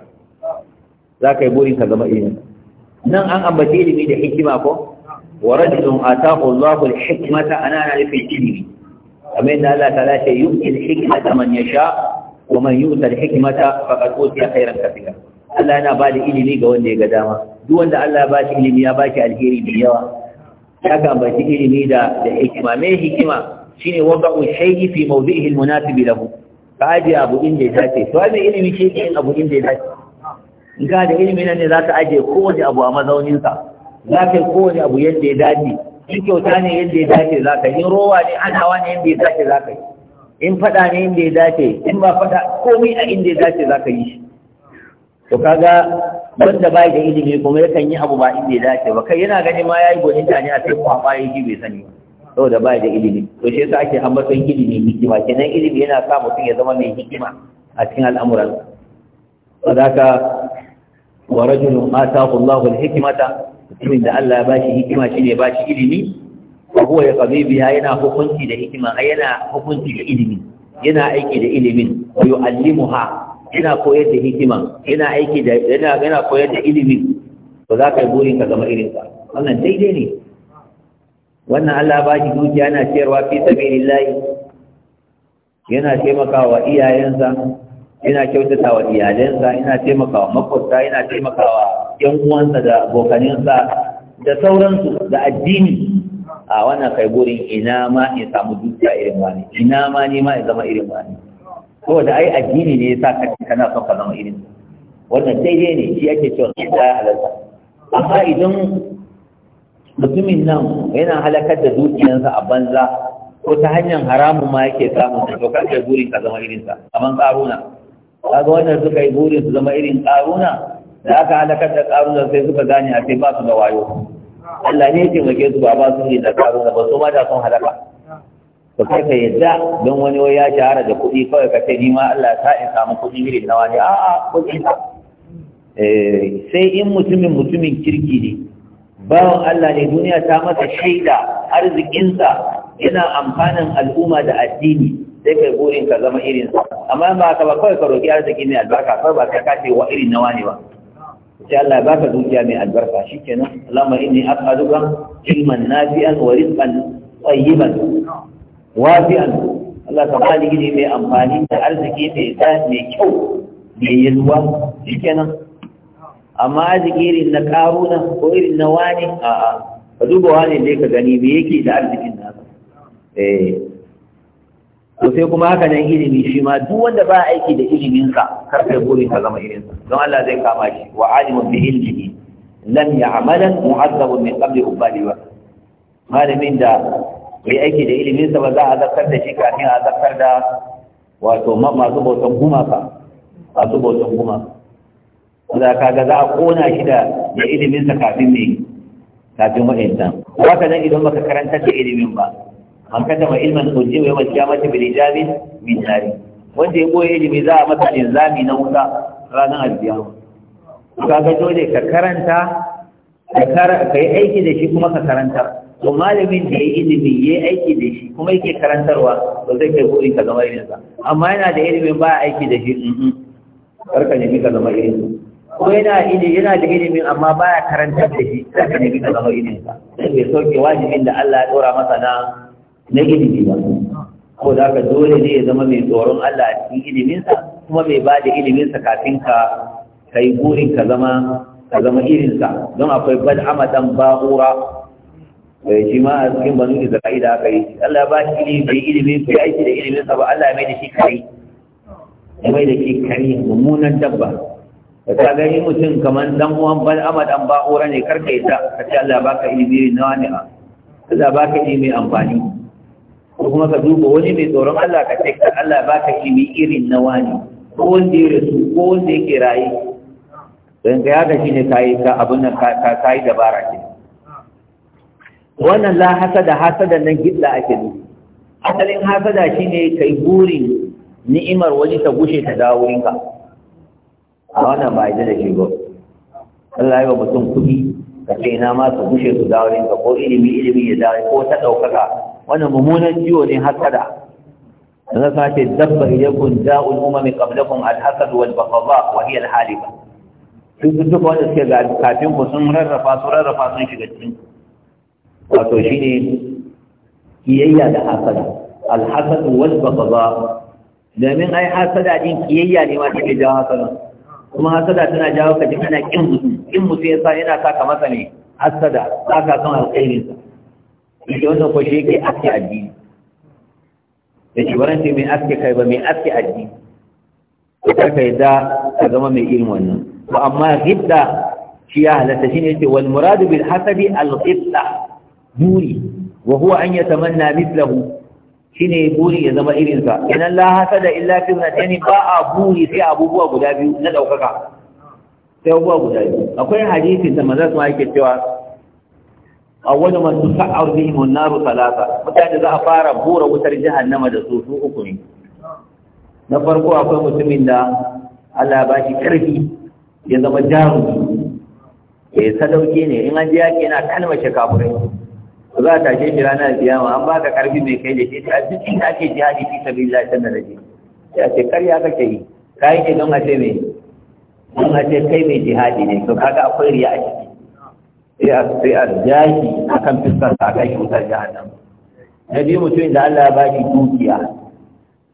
zaka yi burin ka zama irin nan an ambaci ilimi da hikima ko wa rajulun atahu Allahu al-hikmata ana ana nufin ilimi kamar da Allah ta lashe yu'til hikmata man yasha wa man yu'tal hikmata faqad utiya khairan katira Allah yana ba da ilimi ga wanda ya ga dama duk wanda Allah ya ba shi ilimi ya ba shi alheri da yawa ya gambaci ilimi da da hikima me hikima shine ku shay'i fi mawdi'ihi almunasib lahu ka aje abu inda ya dace to ai ilimi shi ke abu inda ya dace in ka da ilimi nan ne za ka aje kowane abu a mazaunin ka za ka yi kowane abu yadda ya dace in kyauta ne yadda ya dace za ka yi in rowa ne an hawa ne yadda ya dace za ka yi in faɗa ne yadda ya dace in ba faɗa komai a inda ya dace za ka yi shi to kaga wanda bai da ilimi kuma yakan yi abu ba inda ya dace ba kai yana gani ma yayi gwaninta ne a sai kwakwa ya ji bai sani saboda bai da ilimi to shi yasa ake ambaton ilimi hikima kenan ilimi yana sa mutum ya zama mai hikima a cikin al'amuran sadaka wa rajulun atahu Allahu al-hikmata mutumin da Allah ya bashi hikima shine bashi ilimi wa huwa yaqdi biha yana hukunci da hikima ai yana hukunci da ilimi yana aiki da ilimin wa yu'allimuha yana koyar da hikima ina aiki da ina ina koyar da ilimi to za ka yi burin ka zama irin ka. wannan daidai ne wannan Allah ba shi dukiya yana ciyarwa fi sabilillahi yana taimakawa iyayensa yana kyautatawa iyalensa yana taimakawa makwabta yana taimakawa yan uwansa da abokaninsa da sauransu da addini a wannan kai burin ina ma in samu dukiya irin wani ina ma ni ma in zama irin wani saboda ai addini ne yasa ka kana son ka zama irin wannan daidai ne shi ake cewa sai da halalta amma idan mutumin nan yana halakar da dukiyarsa a banza ko ta hanyar haramun ma yake samun to kake ga burin ka zama irin sa kaman karuna kaga wannan suka yi burin su zama irin karuna da aka halakar da karuna sai suka gane a sai ba su da wayo Allah ne ya taimake su ba ba su ne da karuna ba su ma da son halaka to kai ka yadda don wani wai ya shahara da kuɗi kawai ka ce nima ma Allah ta in samu kuɗi irin na wani a'a kuɗi ka eh, sai in mutumin mutumin kirki ne bawan Allah ne duniya ta masa shaida arzikinsa yana amfanin al'umma da addini sai kai burin ka zama irin sa amma ba ka ba kawai ka roki arziki mai albarka kawai ba ka kace wa irin nawa ne ba sai Allah ya baka dukiya mai albarka shikenan Allahumma inni as'aluka ilman nafi'an wa rizqan tayyiban Wafiyan Allah ka bani gidi mai amfani da arziki mai tsari mai kyau mai yalwa shikenan amma arziki irin na karuna ko irin na wani a'a ka duba wani dai ka gani me yake da arzikin nasa eh ko sai kuma haka nan ilimi shi ma duk wanda ba aiki da iliminsa kar kai burin ka zama irinsa don Allah zai kama shi wa alimun bi ilmihi lam ya'malan mu'azzabun min qabli ubadi wa malamin da bai aiki da iliminsa ba za a zartar da shi kafin a zartar da wato masu bautan gumaka masu bautan gumaka wanda kaga za a kona shi da da iliminsa kafin mai kafin wa'annan haka nan idan baka karantar da ilimin ba an kada ma ilman hujji wa yawan kiyamati bil ijabi min nari wanda ya boye ilimi za a masa inzami na wuta ranar alkiyama kaga dole ka karanta ka yi aiki da shi kuma ka karanta to malamin da ya yi ilimi ya aiki da shi kuma yake karantarwa ba zai kai burin ka zama irinsa amma yana da ilimin ba aiki da shi karka nemi ka zama irinsa ko yana ilimi yana da ilimin amma ba ya karantar da shi karka nemi ka zama irinsa sai bai sauke wajibin da Allah ya dora masa na na ilimi ba ko da haka dole ne ya zama mai tsoron Allah a cikin iliminsa kuma mai ba da iliminsa kafin ka kai burin ka zama ka zama irinsa don akwai bad amadan ba'ura bai eh, shi ma a cikin banu da aka yi Allah ba shi ilimi bai ilimi bai aiki da ilimin sa ba Allah mai da shi kai ya mai da shi kai mummunan dabba ka ta gani mutum kamar dan uwan bal amad an ba ora ne karka ita ka ce Allah baka ilimi na wani a Allah baka ilimi amfani ko kuma ka duba wani mai tsoron Allah ka ce ka Allah baka ilimi irin na wani ko wanda ya rasu ko wanda yake raye don ka yaga shi ne ka yi abin nan ka yi dabara ce wannan la hasada hasada nan gidda ake nufi asalin hasada shine kai burin ni'imar wani ta gushe ta dawo ka. a wannan ba da shi ba Allah ya ba mutum kuɗi ka ce ina ma su gushe su dawo ka, ko ilimi ilimi ya dawo ko ta ɗaukaka wannan mummunan ciwo ne hasada Allah sa ce dabba ilaykum da'ul umami qablakum al-hasad wal baghdha wa hiya al-halika duk duk wanda suke kafin ku sun rarrafa su rarrafa sun shiga cikin ku wato ne kiyayya da hasada wasu wal baghdha domin ai hasada din kiyayya ne ma take jawo hasada kuma hasada tana jawo ka jin ana kin mutum kin mutum yasa yana sa ka masa ne hasada saka kan alkhairin sa shi wannan ko shi yake aski addini da shi baran mai aski kai ba mai aski addini ko ka yadda ka zama mai irin wannan to amma ghibda shi ya halatta ne, yake wal muradu bil hasadi al ghibda buri wa huwa an yatamanna mithlahu shine buri ya zama irin sa idan la hasada illa fi natani ba a buri sai abubuwa guda biyu na daukaka sai abubuwa guda biyu akwai hadisi da manzo sun yake cewa awwalu man tus'ar bihim an-nar thalatha mutane za a fara bura wutar jahannama da su su uku ne na farko akwai mutumin da Allah ya shi karfi ya zama jarumi ya sadauke ne in an je yake yana kalmace kafirai za ta tashe shi ranar kiyama an ba ka karfi mai kai da shi a duk inda ake jihadi fi sabilillah tana da shi ya a ce karya kake yi kai ke don a ce mai don a ce kai mai jihadi ne to kaga akwai riya a ciki sai a a kan fiskar sa kai kyautar jahannam na biyu mutumin da Allah ya ba shi dukiya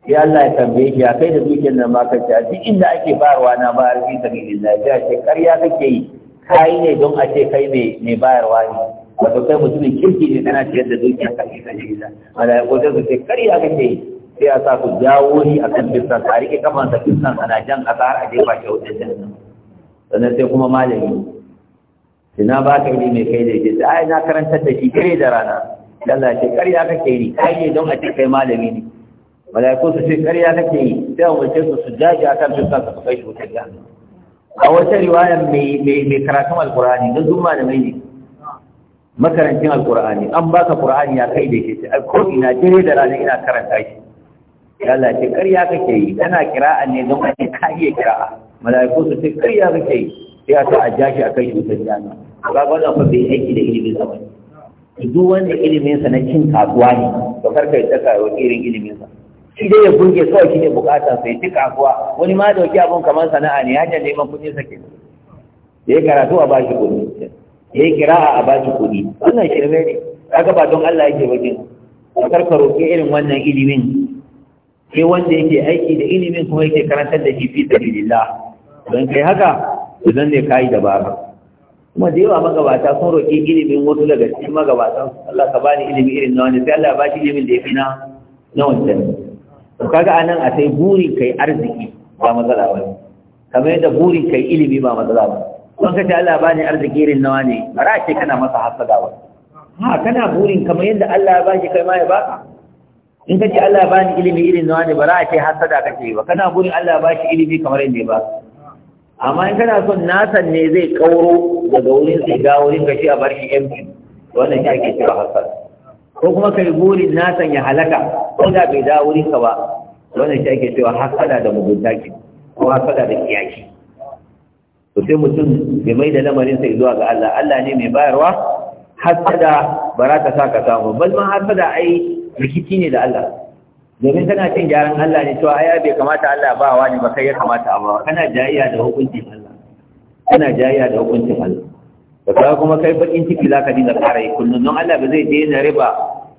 sai Allah ya tambaye shi a kai da dukiyar nan ba ka ce. a duk inda ake bayarwa na bayar fi da sai Ya ce karya kake yi Ka yi ne don a ce kai mai bayarwa ne wato kai mutumin kirki ne kana ciyar da dukiya ka shi ne shi da ya sai su ce karya kake yi sai a sa ku jawo ni a kan fiskan a rike kafansa fiskan na jan ƙasa har a jefa shi wajen jan sannan sai kuma malami ina ba ka yi mai kai da ke ai na karantar da shi kare da rana Allah ce karya kake yi kai ne don a ce kai malami ne malaiku su ce ƙarya kake yi sai a wace su su jaji a kan fiskan su kai shi wajen jan a wata riwayar mai karatun alkurani don da mai ne makarantin alkur'ani an baka qur'ani ya kai da shi ai ko ina dare da rana ina karanta shi Yalla ce ƙarya kake yi kana kira'a ne don wani ka iya kira'a mala'iku su ce ƙarya kake yi sai a sa a shi a kai shi wutar jana ba wannan fa bai aiki da ilimin sa ba duk wanda ilimin sa na cin kasuwa ne to karka yi tsaka wa irin ilimin sa shi dai ya burge kawai shi ne bukata sai ci kasuwa wani ma dauki abun kamar sana'a ne ya neman kuɗin sa kenan ya karatu a bashi kuɗi ya yi kira a baki kuɗi wannan shirme ne kaga ba don Allah yake bakin a karka roƙe irin wannan ilimin sai wanda yake aiki da ilimin kuma yake karantar da shi fi sabilillah don kai haka to zan ne kai dabara kuma da yawa magabata sun roƙi ilimin wasu daga cikin magabatan Allah ka bani ilimi irin na wani sai Allah ya bashi ilimin da ya fi na na wancan to kaga anan a sai buri kai arziki ba matsala ba kamar yadda buri kai ilimi ba matsala ba don ka ce Allah ba ni arziki irin nawa ne ba ce kana masa hasada wa ha kana burin kamar yadda Allah ya bashi kai ma ya baka in ka ce Allah ba bani ilimi irin nawa ne ba ce hasada kake yi ba kana burin Allah ya bashi ilimi kamar yadda ya baka amma in kana son nasan ne zai kauro daga wurin sai ga wurin ka shi a bar shi empty wannan shi ake cewa hasada ko kuma kai burin nasan ya halaka ko da bai da wurin ka ba wannan shi ake cewa hasada da mugunta ke ko hasada da kiyaki to sai mutum ya mai da lamarin sai zuwa ga Allah Allah ne mai bayarwa hasada ba za ka sa ka samu balma ma hasada ai rikici ne da Allah domin kana cin gyaran Allah ne cewa ai bai kamata Allah ba wa ne ba kai ya kamata a ba kana jayayya da hukuncin Allah kana jayayya da hukuncin Allah da ka kuma kai bakin ciki za ka dinga kara yi kullum don Allah ba zai daina riba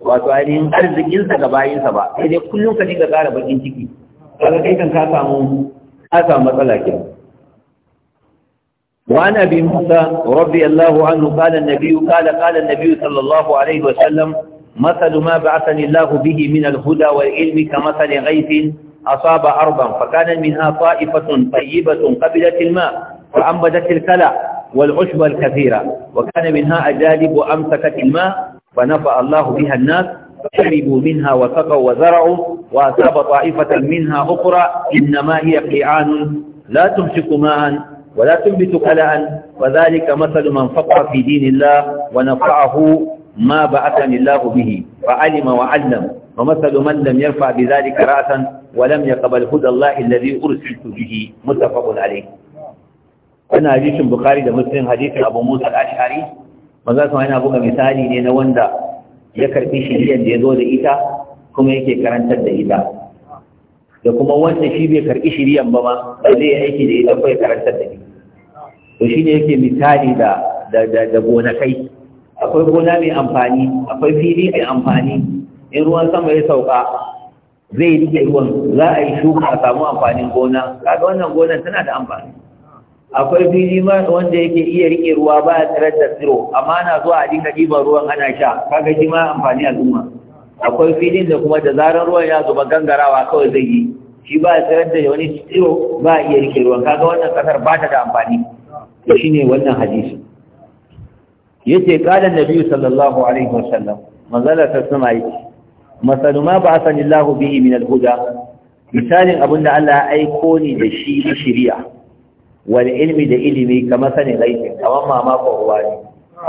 wato ainihin arzikinsa ga bayinsa ba sai dai kullum ka dinga kare bakin ciki kaga kai kan ka samu ka samu matsala kenan وعن أبي موسى رضي الله عنه قال النبي قال قال النبي صلى الله عليه وسلم مثل ما بعثني الله به من الهدى والعلم كمثل غيث أصاب أرضا فكان منها طائفة طيبة قبلت الماء فأنبتت الكلى والعشب الكثيرة وكان منها أجالب وأمسكت الماء فنفع الله بها الناس فشربوا منها وسقوا وزرعوا وأصاب طائفة منها أخرى إنما هي قيعان لا تمسك ماء ولا تنبت قلعا وذلك مثل من فقه في دين الله ونفعه ما بعثني الله به فعلم وعلم ومثل من لم يرفع بذلك رأسا ولم يقبل هدى الله الذي أرسلت به متفق عليه أنا حديث بخاري ده مسلم حديث أبو موسى الأشعري maza su yana buga misali ne na wanda ya karfi shiriyar da ya zo da ita kuma yake karantar da ita da kuma wanda shi bai karfi shiriyar ba ma ba zai aiki da ita ko ya karantar da ita to shi ne yake misali da da gonakai akwai gona mai amfani akwai fili mai amfani in ruwan sama ya sauka zai rike ruwan za a yi shuka a samu amfanin gona kaga wannan gona tana da amfani akwai fili ma wanda yake iya rike ruwa ba ya tsirar da tsiro amma na zuwa a dinga ɗiban ruwan ana sha kaga shi ma amfani al'umma akwai filin da kuma da zarar ruwan ya zuba gangarawa kawai zai yi shi ba ya tsirar da wani tsiro ba a iya rike ruwan kaga wannan kasar ba ta da amfani to shine wannan hadisi yace qala biyu sallallahu alaihi wasallam manzala ta sama yi masalu ma ba asanillahu bihi min al-huda misalin abinda Allah ya aiko ni da shi na shari'a wal ilmi da ilimi kamar sanin gaibi kamar mama ko ruwa ne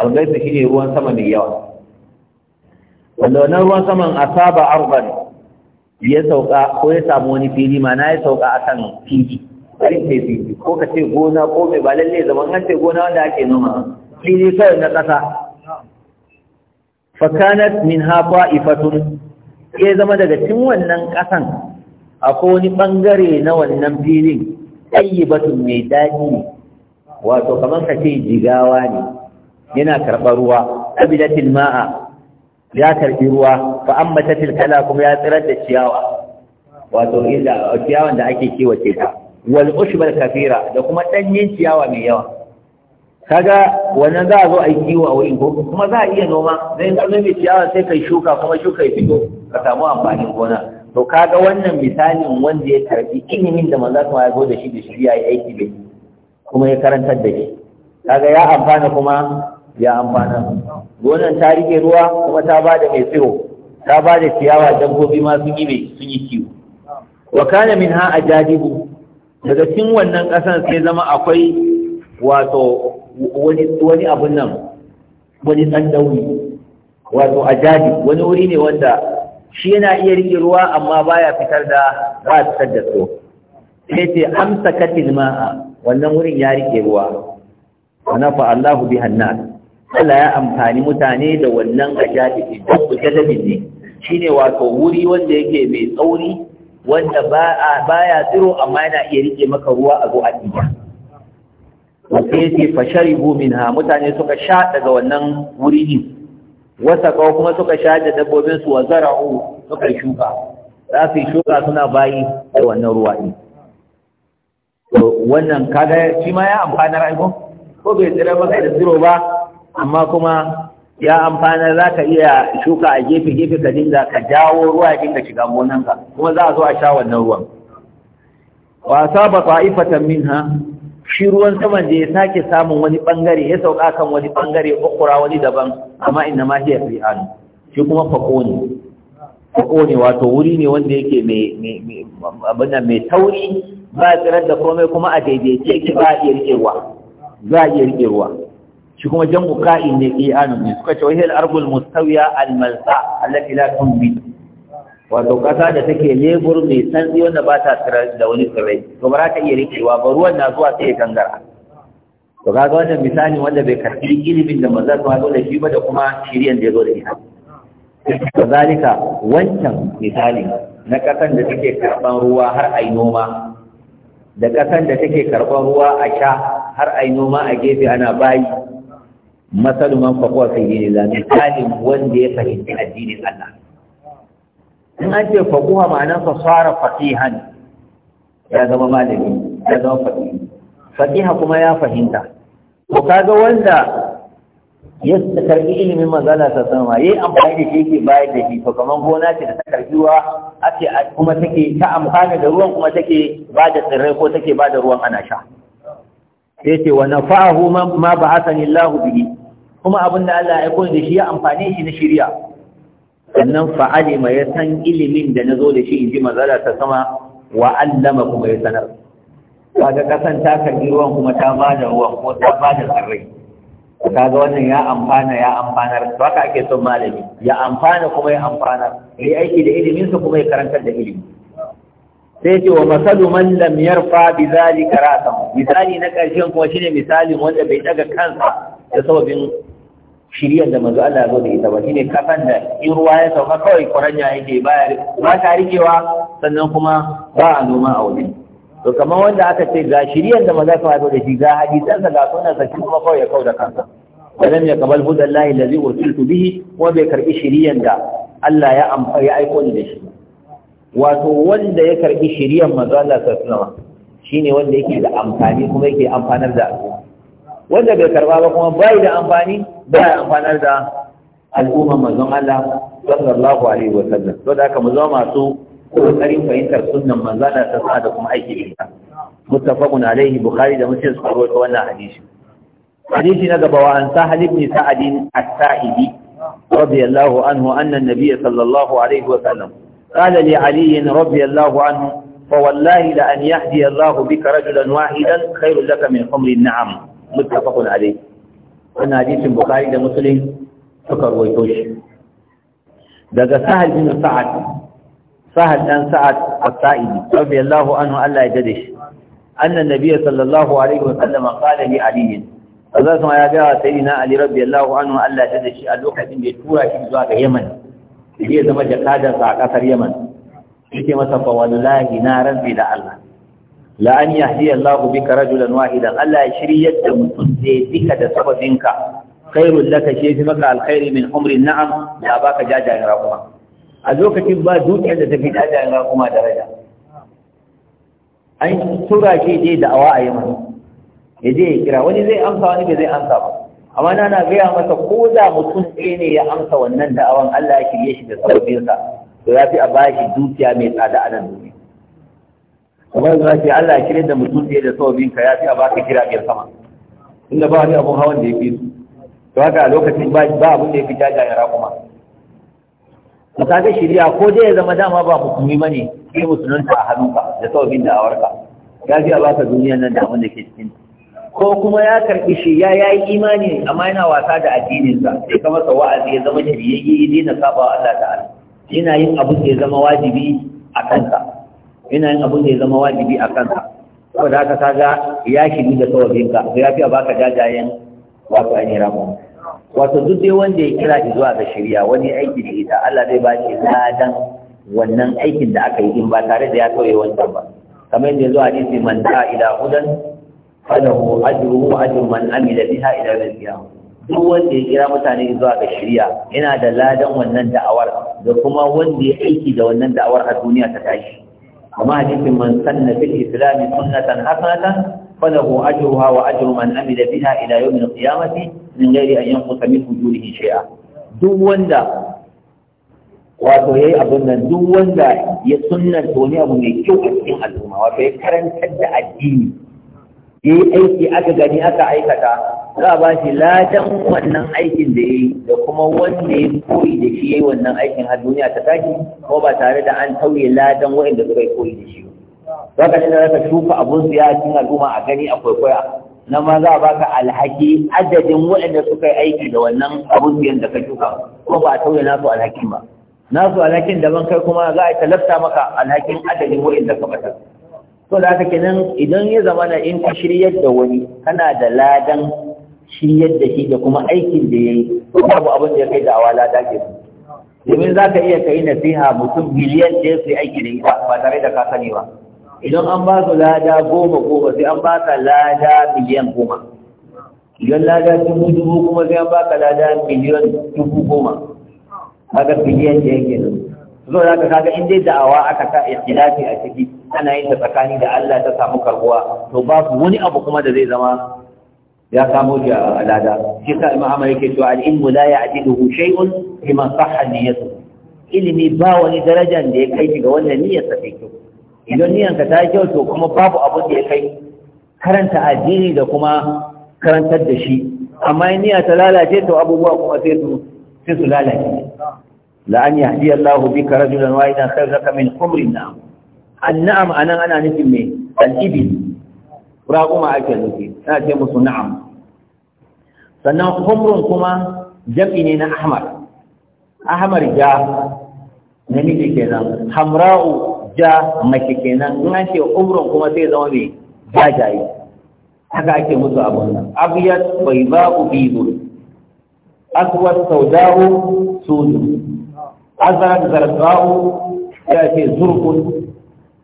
al-gaibi shine ruwan sama mai yawa wanda wannan ruwan saman asaba arban ya sauka ko ya samu wani fili ma na ya sauka akan fili rike fili ko ka ce gona ko mai ba lalle zaman an ce gona wanda ake noma ne kawai na ƙasa fakanat min hafa ifatun ya zama daga cin wannan ƙasan akwai wani ɓangare na wannan filin batun mai daɗi wato kamar ka ce jigawa ne yana karɓar ruwa ƙabilatin ma'a ya karɓi ruwa fa an mace kala kuma ya tsirar da ciyawa wato inda ciyawan da ake kewace ta wal ushbal kafira da kuma danyen ciyawa mai yawa kaga wannan za a zo a yi kiwo a wurin ko kuma za a iya noma zai ka mai ciyawa sai kai shuka kuma shuka ya fito ka samu amfanin gona to kaga wannan misalin wanda ya karbi ilimin da manzo kuma ya zo da shi da shi ya yi aiki da kuma ya karantar da shi kaga ya amfana kuma ya amfana gonan ta rike ruwa kuma ta bada mai tsiro ta bada ciyawa dabbobi ma sun yi mai sun yi kiwo wa kana minha ajadibu daga cikin wannan ƙasan sai zama akwai wato wani abun nan wani tsandauri wato ajadi wani wuri ne wanda shi yana iya riƙe ruwa amma baya fitar da ba fitar da so sai ce amsa katil ma'a wannan wurin ya riƙe ruwa wa fa Allahu bi hannas Allah ya amfani mutane da wannan ajadi idan ku Shi ne shine wato wuri wanda yake mai tsauri wanda baya tsiro amma yana iya rike maka ruwa a zo a ɗiba wata ya ce fashari bumin ha mutane suka sha daga wannan wuri ne wasa kawo kuma suka sha da dabbobin su wa zara'u suka shuka za su yi shuka suna bayi da wannan ruwa ne wannan kaga shi ma ya amfana rayuwa ko bai tsira maka da tsiro ba amma kuma ya amfana za ka iya shuka a gefe-gefe ka dinga ka jawo ruwa ya dinga shiga gonanka kuma za a zo a sha wannan ruwan wasa ba min ha? shi ruwan saman da ya sake samun wani bangare ya sauka kan wani bangare ukura wani daban amma inna ma hiya fi'an shi kuma fako ne fako ne wato wuri ne wanda yake mai abin mai tauri ba tsirar da komai kuma a daidaice ki ba iya riƙe ruwa za a iya riƙe ruwa shi kuma jam'u ka'in ne qi'anun ne suka ce wahil arbul mustawiya al allati la tumbi wato kasa da take lebur mai santsi wanda ba ta tsira da wani tsirrai to ba za ta iya rikewa ba ruwan na zuwa sai ya gangara to kaga wannan misali wanda bai karbi ilimin da maza ta zo da shi ba da kuma shiriyan da ya zo da ita to zalika wancan misali na kasan da take karban ruwa har ai noma da kasan da take karban ruwa a sha har ai noma a gefe ana bayi masalu man faƙuwa fi dini ne misalin wanda ya fahimci addinin Allah in an ce faƙuwa ma'anar sa fara faqihan ya zama malami ya zama faqihi faqiha kuma ya fahimta to kaga wanda ya karɓi ilimin manzala ta sama yayi amfani da shi yake bayar da shi to kaman gona ce da ta karbiwa ake kuma take ta amfana da ruwan kuma take ba da tsirrai ko take ba da ruwan ana sha sai ce wa nafa'ahu ma ba'athani Allahu bihi kuma abin da Allah ya aiko da shi ya amfane shi na shirya sannan fa'alima ya san ilimin da na zo da shi in ji mazala ta sama wa allama kuma ya sanar kaga kasan ta karbi ruwan kuma ta bada ruwan ko ta bada tsirrai kaga wannan ya amfana ya amfanar to haka ake son malami ya amfana kuma ya amfana yi aiki da ilimin sa kuma ya karantar da ilimi sai ce wa masalu man lam yarfa bi zalika ra'sa misali na karshen kuma shine misalin wanda bai daga kansa da sababin Shirya da manzo Allah zo da ita ba shine kafan da in ruwa ya sauka kawai kwaranya yake baya ba ta rikewa sannan kuma ba a noma a wuri to kamar wanda aka ce ga shiryar da manzo Allah zo da shi ga hadisansa ga sunan sa kuma kawai ya kauda kansa walam yaqbal huda Allah allazi ursiltu bihi wa bai karbi shiriyar da Allah ya amfa ya aiko ni da shi wato wanda ya karbi shiriyar manzo Allah sallallahu alaihi wasallam shine wanda yake da amfani kuma yake amfanar da al'umma wanda bai karba ba kuma bai da amfani bai amfanar da al'umma manzon Allah sallallahu alaihi wa sallam to da haka mu zama masu kokarin fahimtar sunnan manzon Allah ta sa da kuma aiki da ita muttafaqun alaihi bukhari da muslim suka rawaito wannan hadisi hadisi na gaba wa an sahal ibn sa'd as-sa'idi radiyallahu anhu anna an-nabiy sallallahu alaihi wa sallam Ali قال لعلي رضي الله عنه فوالله لأن يهدي الله بك رجلا واحدا خير لك من حمر النعم muttafaqun alayh wannan hadisin bukhari da musulun suka rawaito shi daga sahal bin sa'ad sahal dan sa'ad as-sa'idi radiyallahu anhu Allah ya dade shi annan nabiyyi sallallahu alaihi wa sallam qala li ali azza sama ya ga sayyidina ali radiyallahu anhu Allah ya dade shi a lokacin da ya tura shi zuwa ga yaman ya zama jakadarsa a kasar yaman yake masa fa wallahi na rabbi da Allah la an yahdi bi ka rajulan wahidan Allah ya shiryar da mutum zai bika da sababinka khairul laka shi fi maka alkhairi min umri na'am ya baka jajayen raƙuma a lokacin ba dukiyar da ta fi jajayen raƙuma daraja an tura shi je da awa a yamma ya je ya kira wani zai amsa wani bai zai amsa ba amma na na gaya masa ko da mutum ɗaya ne ya amsa wannan da'awan Allah ya shirye shi da sabbinsa to ya fi a bashi dukiya mai tsada a nan duniya kamar za ce Allah ya kire da mutum ɗaya da sababin ka ya fi a baka kira biyar sama inda ba wani abun hawan da ya fi su to haka a lokacin ba abun da ya fi jajayen raƙuma to kaga shirya ko dai ya zama dama ba musulmi ba ne sai musulunta a hannunka da sababin da awarka ya fi a baka duniya nan da abun da ke cikin ko kuma ya karɓi shi ya yi imani amma yana wasa da addininsa sai kama sa wa'azi ya zama shirye ya daina saba wa Allah ta'ala yana yin abu da ya zama wajibi a kansa ina yin abin da ya zama wajibi a kanka saboda haka kaga ya shiru da tawabinka ka ya fi a baka jajayen wato ainihin ramon wato duk dai wanda ya kira shi zuwa ga shirya wani aiki da ita Allah zai ba shi ladan wannan aikin da aka yi din ba tare da ya tauye wancan ba kamar yadda zuwa hadisi man da ila hudan falahu ajruhu ajru man amila biha ila rabbiya duk wanda ya kira mutane zuwa ga shirya yana da ladan wannan da'awar da kuma wanda ya aiki da wannan da'awar a duniya ta tashi وما جئت من سن في الإسلام سنة حسنة فله أجرها وأجر من عمل بها إلى يوم القيامة من غير أن ينقص من وجوده شيئا دون دا wato yayi abin nan duk wanda ya sunnar to ne abu mai kyau a cikin al'umma wato ya karantar da addini yi aiki aka gani aka aikata za a ba shi ladan wannan aikin da ya yi da kuma wanda ya koyi da shi ya yi wannan aikin har duniya ta tashi ko ba tare da an tauye ladan waɗanda suka yi koyi da shi ba. ka da zaka shuka abun su ya cin al'umma a gani a kwaikwaya na ma za a baka alhaki adadin waɗanda suka yi aiki da wannan abun su da ka shuka ko ba a tauye nasu alhakin ba nasu alhakin daban kai kuma za a talafta maka alhakin adadin waɗanda ka batar so da haka kenan idan ya zama na in ka shiryar da wani kana da ladan shiryar da shi da kuma aikin da ya yi babu abin da ya kai da'awa lada ke domin za ka iya ka yi nasiha mutum miliyan ɗaya su yi aiki da ita ba tare da ka sani ba idan an ba su lada goma goma sai an ba ka lada miliyan goma idan lada dubu dubu kuma sai an ba ka lada miliyan dubu goma kaga miliyan ɗaya nan. zo da ka kaga in dai da'awa aka sa ikhtilafi a ciki ana yin ta tsakani da Allah ta samu karbuwa to babu wani abu kuma da zai zama ya samu shi a al'ada. shi sa imam Ahmad yake cewa al ya la ya'tiduhu shay'un liman niyyatu ilimi ba wani darajar da ya kai shi ga wannan niyyar sa take idan niyyar ka ta yi kyau to kuma babu abu da ya kai karanta addini da kuma karantar da shi amma in niyya ta lalace to abubuwa kuma sai su sai su lalace la an yahdi Allahu bika rajulan wahidan khayraka min kumri na'am annam anan ana nufin me al-ibil raquma ake nufi ana ce musu na'am sannan humrun kuma jam'i ne na ahmar ahmar ja namiji kenan hamra'u ja mace kenan in an ce umrun kuma sai zama me jajaye haka ake musu abun nan abiyat bayda'u bidur aswad sauda'u sudu azrak zarqa'u ya ce zurqun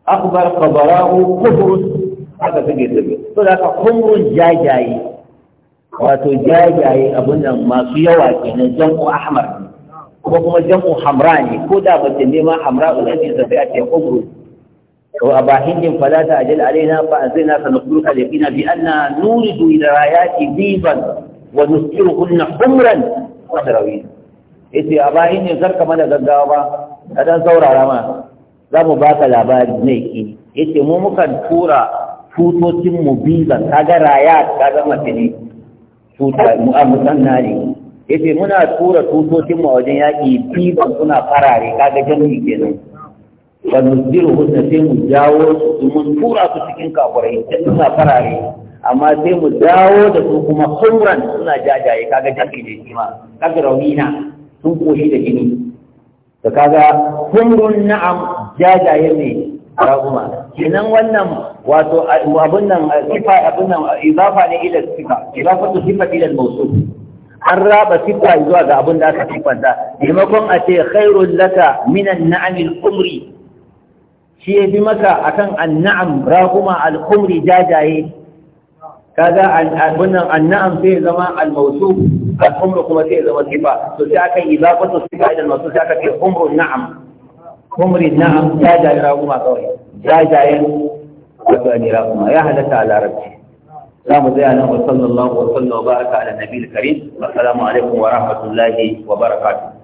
akbar qabara'u kufur haka suke tafi to da ka kumrun jajaye wato jajaye abun nan masu yawa kenan jam'u ahmar ko kuma jam'u hamra ne ko da ba ta nema hamra ba zai zafi a ce kumrun to a bahindin falata ajal alaina fa azina sanqulu alaina bi anna nuridu ila rayati diban wa nuskiruhunna humran wa tarawih ita a bahindin zarka mana gaggawa ba dan saurara ma za mu baka labari ne ki eh. yace mu mukan tura tutocin mu biza ga raya kaga mace Su tuta mu a musanna ne yace muna tura tutocin mu a wajen yaki biza suna farare Ka kaga jami'i kenan mu nuziru hudda sai mu jawo su mun tura su cikin kafurai ta suna farare amma sai mu dawo da su kuma humran suna jajaye ga jami ne shi ma ga raunina sun koshi da jini da kaga humrun na'am jajaye ne raguma kenan wannan wato abun nan sifa abun nan izafa ne ila sifa idafatu sifa ila mawsuf an raba sifa zuwa ga abun da aka sifanta maimakon a ce khairul laka minan na'amil umri shi ya fi maka akan annam raguma al-umri jajaye kaga abun nan an na'am sai ya zama al-mawsuf al-umru kuma sai ya zama sifa to sai aka idafatu sifa ila mawsuf sai aka ce umru na'am Kumri na jajayen raguma kawai jajayen wato raguma ya halatta a larabci za mu tsaya nan wa sallallahu wa sallallahu baraka ala nabiyil karim assalamu alaikum wa rahmatullahi wa barakatuh